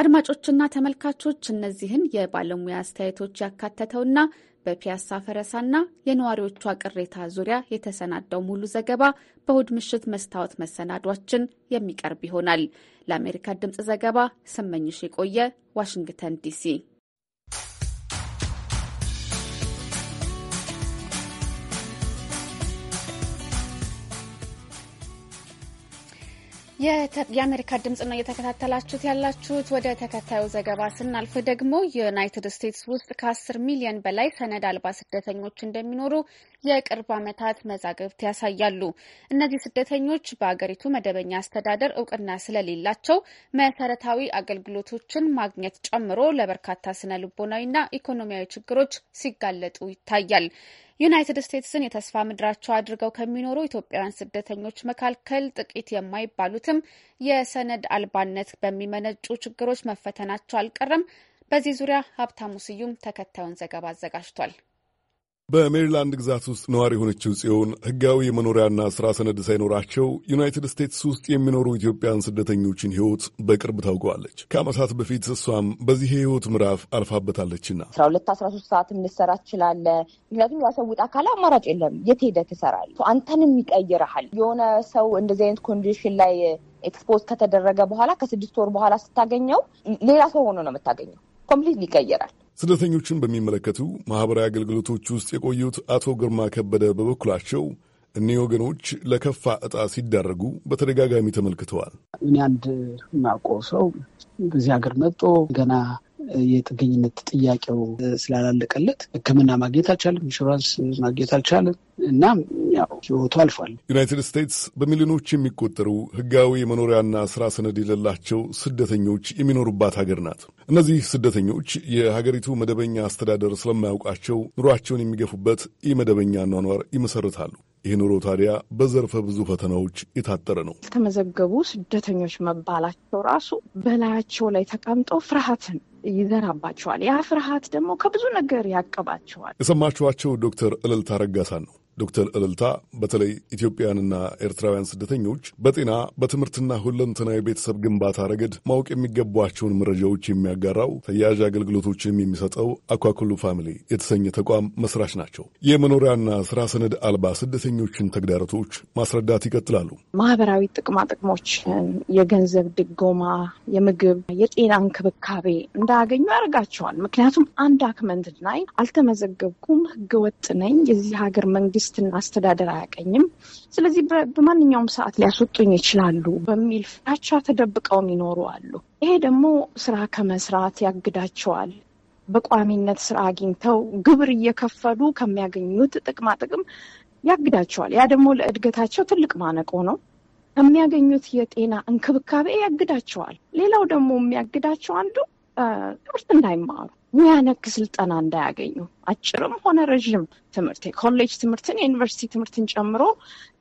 አድማጮችና ተመልካቾች እነዚህን የባለሙያ አስተያየቶች ያካተተውና በፒያሳ ፈረሳና የነዋሪዎቿ ቅሬታ ዙሪያ የተሰናዳው ሙሉ ዘገባ በእሁድ ምሽት መስታወት መሰናዷችን የሚቀርብ ይሆናል። ለአሜሪካ ድምፅ ዘገባ ስመኝሽ የቆየ ዋሽንግተን ዲሲ። የአሜሪካ ድምጽ ነው እየተከታተላችሁት ያላችሁት። ወደ ተከታዩ ዘገባ ስናልፍ ደግሞ ዩናይትድ ስቴትስ ውስጥ ከአስር ሚሊዮን በላይ ሰነድ አልባ ስደተኞች እንደሚኖሩ የቅርብ ዓመታት መዛግብት ያሳያሉ። እነዚህ ስደተኞች በአገሪቱ መደበኛ አስተዳደር እውቅና ስለሌላቸው መሰረታዊ አገልግሎቶችን ማግኘት ጨምሮ ለበርካታ ስነ ልቦናዊና ኢኮኖሚያዊ ችግሮች ሲጋለጡ ይታያል። ዩናይትድ ስቴትስን የተስፋ ምድራቸው አድርገው ከሚኖሩ ኢትዮጵያውያን ስደተኞች መካከል ጥቂት የማይባሉትም የሰነድ አልባነት በሚመነጩ ችግሮች መፈተናቸው አልቀረም። በዚህ ዙሪያ ሀብታሙ ስዩም ተከታዩን ዘገባ አዘጋጅቷል። በሜሪላንድ ግዛት ውስጥ ነዋሪ የሆነችው ጽዮን ህጋዊ የመኖሪያና ሥራ ሰነድ ሳይኖራቸው ዩናይትድ ስቴትስ ውስጥ የሚኖሩ ኢትዮጵያን ስደተኞችን ሕይወት በቅርብ ታውቀዋለች። ከአመሳት በፊት እሷም በዚህ የሕይወት ምዕራፍ አልፋበታለችና አስራ ሁለት አስራ ሶስት ሰዓት ልሰራ ትችላለ። ምክንያቱም ያሰውጥ አካል አማራጭ የለም። የት ሄደህ ትሰራለህ? አንተንም ይቀይረሃል። የሆነ ሰው እንደዚህ አይነት ኮንዲሽን ላይ ኤክስፖዝ ከተደረገ በኋላ ከስድስት ወር በኋላ ስታገኘው ሌላ ሰው ሆኖ ነው የምታገኘው። ኮምፕሊት ይቀይራል። ስደተኞችን በሚመለከቱ ማኅበራዊ አገልግሎቶች ውስጥ የቆዩት አቶ ግርማ ከበደ በበኩላቸው እኒህ ወገኖች ለከፋ ዕጣ ሲዳረጉ በተደጋጋሚ ተመልክተዋል። እኔ አንድ ማቆ ሰው በዚህ ሀገር መጥቶ ገና የጥገኝነት ጥያቄው ስላላለቀለት ሕክምና ማግኘት አልቻለም፣ ኢንሹራንስ ማግኘት አልቻለም። እናም ያው ህይወቱ አልፏል። ዩናይትድ ስቴትስ በሚሊዮኖች የሚቆጠሩ ህጋዊ የመኖሪያና ስራ ሰነድ የሌላቸው ስደተኞች የሚኖሩባት ሀገር ናት። እነዚህ ስደተኞች የሀገሪቱ መደበኛ አስተዳደር ስለማያውቃቸው ኑሯቸውን የሚገፉበት ኢ መደበኛ ኗኗር ይመሰርታሉ። ይህ ኑሮ ታዲያ በዘርፈ ብዙ ፈተናዎች የታጠረ ነው። የተመዘገቡ ስደተኞች መባላቸው ራሱ በላያቸው ላይ ተቀምጠው ፍርሃትን ይዘራባቸዋል። ያ ፍርሃት ደግሞ ከብዙ ነገር ያቅባቸዋል። የሰማችኋቸው ዶክተር እልልታ ረጋሳን ነው። ዶክተር እልልታ በተለይ ኢትዮጵያውያንና ኤርትራውያን ስደተኞች በጤና በትምህርትና ሁለንተና የቤተሰብ ግንባታ ረገድ ማወቅ የሚገቧቸውን መረጃዎች የሚያጋራው ተያያዥ አገልግሎቶችም የሚሰጠው አኳኩሉ ፋሚሊ የተሰኘ ተቋም መስራች ናቸው። የመኖሪያና ስራ ሰነድ አልባ ስደተኞችን ተግዳሮቶች ማስረዳት ይቀጥላሉ። ማህበራዊ ጥቅማ ጥቅሞችን፣ የገንዘብ ድጎማ፣ የምግብ የጤና እንክብካቤ እንዳያገኙ ያደርጋቸዋል። ምክንያቱም አንድ አክመንት ላይ አልተመዘገብኩም፣ ህገወጥ ነኝ፣ የዚህ ሀገር መንግስት የዋስትና አስተዳደር አያቀኝም፣ ስለዚህ በማንኛውም ሰዓት ሊያስወጡኝ ይችላሉ በሚል ፍራቻ ተደብቀውም ይኖሩ አሉ። ይሄ ደግሞ ስራ ከመስራት ያግዳቸዋል። በቋሚነት ስራ አግኝተው ግብር እየከፈሉ ከሚያገኙት ጥቅማጥቅም ያግዳቸዋል። ያ ደግሞ ለእድገታቸው ትልቅ ማነቆ ነው። የሚያገኙት የጤና እንክብካቤ ያግዳቸዋል። ሌላው ደግሞ የሚያግዳቸው አንዱ ትምህርት እንዳይማሩ ሙያ ነክ ስልጠና እንዳያገኙ አጭርም ሆነ ረዥም ትምህርት የኮሌጅ ትምህርትን የዩኒቨርሲቲ ትምህርትን ጨምሮ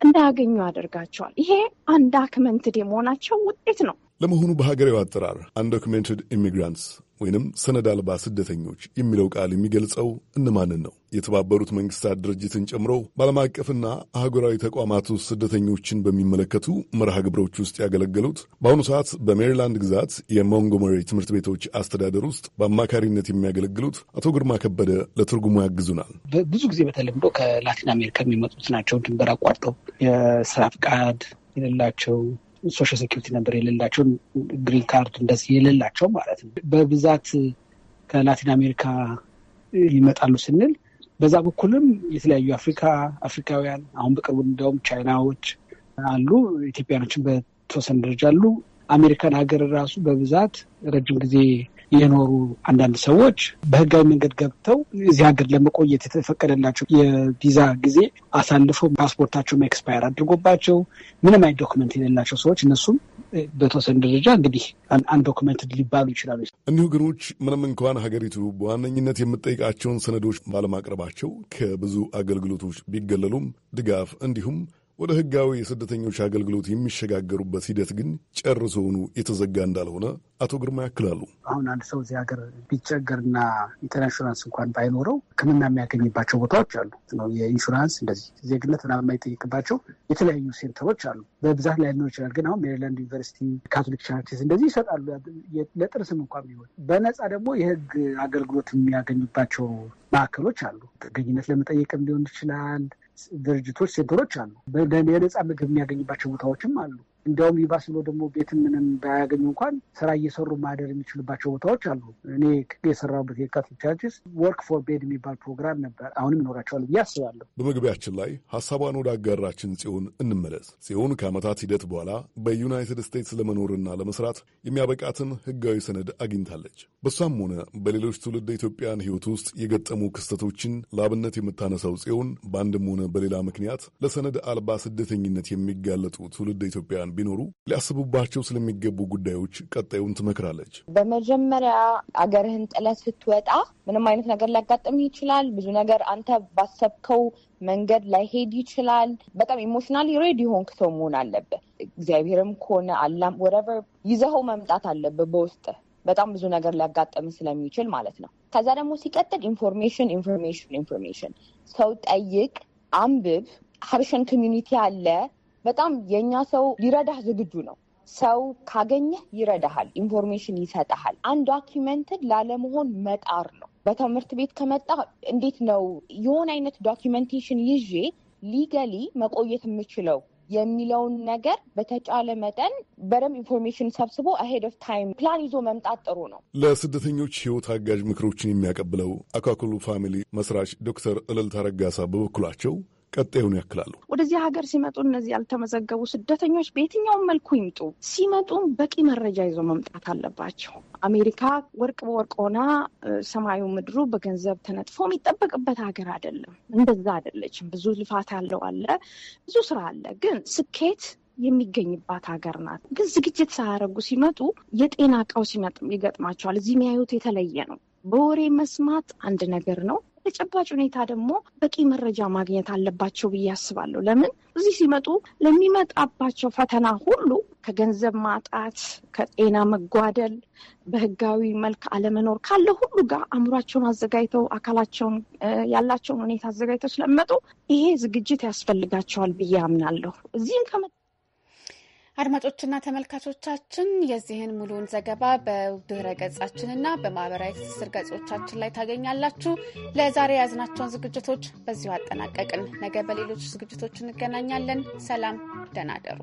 እንዳያገኙ ያደርጋቸዋል። ይሄ አንዳክመንትድ የመሆናቸው ውጤት ነው። ለመሆኑ በሀገሬው አጠራር አንዶክመንትድ ኢሚግራንትስ ወይንም ሰነድ አልባ ስደተኞች የሚለው ቃል የሚገልጸው እነማንን ነው? የተባበሩት መንግስታት ድርጅትን ጨምሮ በዓለም አቀፍና አህጉራዊ ተቋማት ውስጥ ስደተኞችን በሚመለከቱ መርሃ ግብሮች ውስጥ ያገለገሉት በአሁኑ ሰዓት በሜሪላንድ ግዛት የሞንጎመሪ ትምህርት ቤቶች አስተዳደር ውስጥ በአማካሪነት የሚያገለግሉት አቶ ግርማ ከበደ ለትርጉሙ ያግዙናል። ብዙ ጊዜ በተለምዶ ከላቲን አሜሪካ የሚመጡት ናቸው። ድንበር አቋርጠው የስራ ፍቃድ የሌላቸው ሶሻል ሴኪሪቲ ነበር የሌላቸው ግሪን ካርድ እንደዚህ የሌላቸው ማለት ነው። በብዛት ከላቲን አሜሪካ ይመጣሉ ስንል በዛ በኩልም የተለያዩ አፍሪካ አፍሪካውያን አሁን በቅርቡ እንዲያውም ቻይናዎች አሉ፣ ኢትዮጵያኖችን በተወሰነ ደረጃ አሉ። አሜሪካን ሀገር ራሱ በብዛት ረጅም ጊዜ የኖሩ አንዳንድ ሰዎች በህጋዊ መንገድ ገብተው እዚህ ሀገር ለመቆየት የተፈቀደላቸው የቪዛ ጊዜ አሳልፈው ፓስፖርታቸውም ኤክስፓየር አድርጎባቸው ምንም አይነት ዶክመንት የሌላቸው ሰዎች እነሱም በተወሰነ ደረጃ እንግዲህ አንድ ዶክመንት ሊባሉ ይችላሉ። እኒሁ ወገኖች ምንም እንኳን ሀገሪቱ በዋነኝነት የምጠይቃቸውን ሰነዶች ባለማቅረባቸው ከብዙ አገልግሎቶች ቢገለሉም ድጋፍ እንዲሁም ወደ ህጋዊ የስደተኞች አገልግሎት የሚሸጋገሩበት ሂደት ግን ጨርሶውኑ የተዘጋ እንዳልሆነ አቶ ግርማ ያክላሉ። አሁን አንድ ሰው እዚህ ሀገር ቢቸገርና ኢንሹራንስ እንኳን ባይኖረው ሕክምና የሚያገኝባቸው ቦታዎች አሉ ነው የኢንሹራንስ እንደዚህ ዜግነት ምናምን የማይጠይቅባቸው የተለያዩ ሴንተሮች አሉ። በብዛት ላይኖር ይችላል፣ ግን አሁን ሜሪላንድ ዩኒቨርሲቲ፣ ካቶሊክ ቻርቲስ እንደዚህ ይሰጣሉ። ለጥርስም እንኳን ቢሆን በነፃ ደግሞ የህግ አገልግሎት የሚያገኙባቸው ማዕከሎች አሉ። ጥገኝነት ለመጠየቅም ሊሆን ይችላል ድርጅቶች፣ ሴንተሮች አሉ። የነፃ ምግብ የሚያገኝባቸው ቦታዎችም አሉ። እንዲያውም ይባስ ብሎ ደግሞ ቤት ምንም ባያገኙ እንኳን ስራ እየሰሩ ማደር የሚችሉባቸው ቦታዎች አሉ። እኔ የሰራበት የካቶሊክ ቻርችስ ወርክ ፎር ቤድ የሚባል ፕሮግራም ነበር። አሁንም ይኖራቸዋል ብዬ አስባለሁ። በመግቢያችን ላይ ሀሳቧን ወደ አጋራችን ጽዮን እንመለስ። ጽዮን ከዓመታት ሂደት በኋላ በዩናይትድ ስቴትስ ለመኖርና ለመስራት የሚያበቃትን ህጋዊ ሰነድ አግኝታለች። በሷም ሆነ በሌሎች ትውልድ ኢትዮጵያን ህይወት ውስጥ የገጠሙ ክስተቶችን ለአብነት የምታነሳው ጽዮን በአንድም ሆነ በሌላ ምክንያት ለሰነድ አልባ ስደተኝነት የሚጋለጡ ትውልድ ኢትዮጵያን ቢኖሩ ሊያስቡባቸው ስለሚገቡ ጉዳዮች ቀጣዩን ትመክራለች። በመጀመሪያ አገርህን ጥለህ ስትወጣ ምንም አይነት ነገር ሊያጋጥምህ ይችላል። ብዙ ነገር አንተ ባሰብከው መንገድ ላይሄድ ይችላል። በጣም ኢሞሽናል ሬዲ ሆንክ ሰው መሆን አለብህ። እግዚአብሔርም ከሆነ አላም ወረቨር ይዘኸው መምጣት አለብህ በውስጥ በጣም ብዙ ነገር ሊያጋጥም ስለሚችል ማለት ነው። ከዛ ደግሞ ሲቀጥል ኢንፎርሜሽን ኢንፎርሜሽን ኢንፎርሜሽን ሰው ጠይቅ፣ አንብብ። ሀበሻን ኮሚኒቲ አለ በጣም የእኛ ሰው ሊረዳህ ዝግጁ ነው። ሰው ካገኘህ ይረዳሃል፣ ኢንፎርሜሽን ይሰጠሃል። አንድ ዶኪመንትን ላለመሆን መጣር ነው። በትምህርት ቤት ከመጣ እንዴት ነው የሆነ አይነት ዶኪመንቴሽን ይዤ ሊገሊ መቆየት የምችለው የሚለውን ነገር በተጫለ መጠን በደንብ ኢንፎርሜሽን ሰብስቦ አሄድ ኦፍ ታይም ፕላን ይዞ መምጣት ጥሩ ነው። ለስደተኞች ሕይወት አጋዥ ምክሮችን የሚያቀብለው አካክሉ ፋሚሊ መስራች ዶክተር እልልታ ረጋሳ በበኩላቸው ቀጣዩን ያክላሉ። ወደዚህ ሀገር ሲመጡ እነዚህ ያልተመዘገቡ ስደተኞች በየትኛውም መልኩ ይምጡ፣ ሲመጡም በቂ መረጃ ይዞ መምጣት አለባቸው። አሜሪካ ወርቅ በወርቅ ሆና ሰማዩ ምድሩ በገንዘብ ተነጥፎ የሚጠበቅበት ሀገር አይደለም። እንደዛ አይደለችም። ብዙ ልፋት ያለው አለ፣ ብዙ ስራ አለ። ግን ስኬት የሚገኝባት ሀገር ናት። ግን ዝግጅት ሳያደርጉ ሲመጡ የጤና ቀውስ ይገጥማቸዋል። እዚህ የሚያዩት የተለየ ነው። በወሬ መስማት አንድ ነገር ነው። በተጨባጭ ሁኔታ ደግሞ በቂ መረጃ ማግኘት አለባቸው ብዬ አስባለሁ። ለምን እዚህ ሲመጡ ለሚመጣባቸው ፈተና ሁሉ ከገንዘብ ማጣት፣ ከጤና መጓደል፣ በህጋዊ መልክ አለመኖር ካለ ሁሉ ጋር አእምሯቸውን አዘጋጅተው አካላቸውን ያላቸውን ሁኔታ አዘጋጅተው ስለሚመጡ ይሄ ዝግጅት ያስፈልጋቸዋል ብዬ አምናለሁ። እዚህም ከመ አድማጮችና ተመልካቾቻችን የዚህን ሙሉውን ዘገባ በድረ ገጻችንና በማህበራዊ ትስስር ገጾቻችን ላይ ታገኛላችሁ። ለዛሬ የያዝናቸውን ዝግጅቶች በዚሁ አጠናቀቅን። ነገ በሌሎች ዝግጅቶች እንገናኛለን። ሰላም፣ ደህና እደሩ።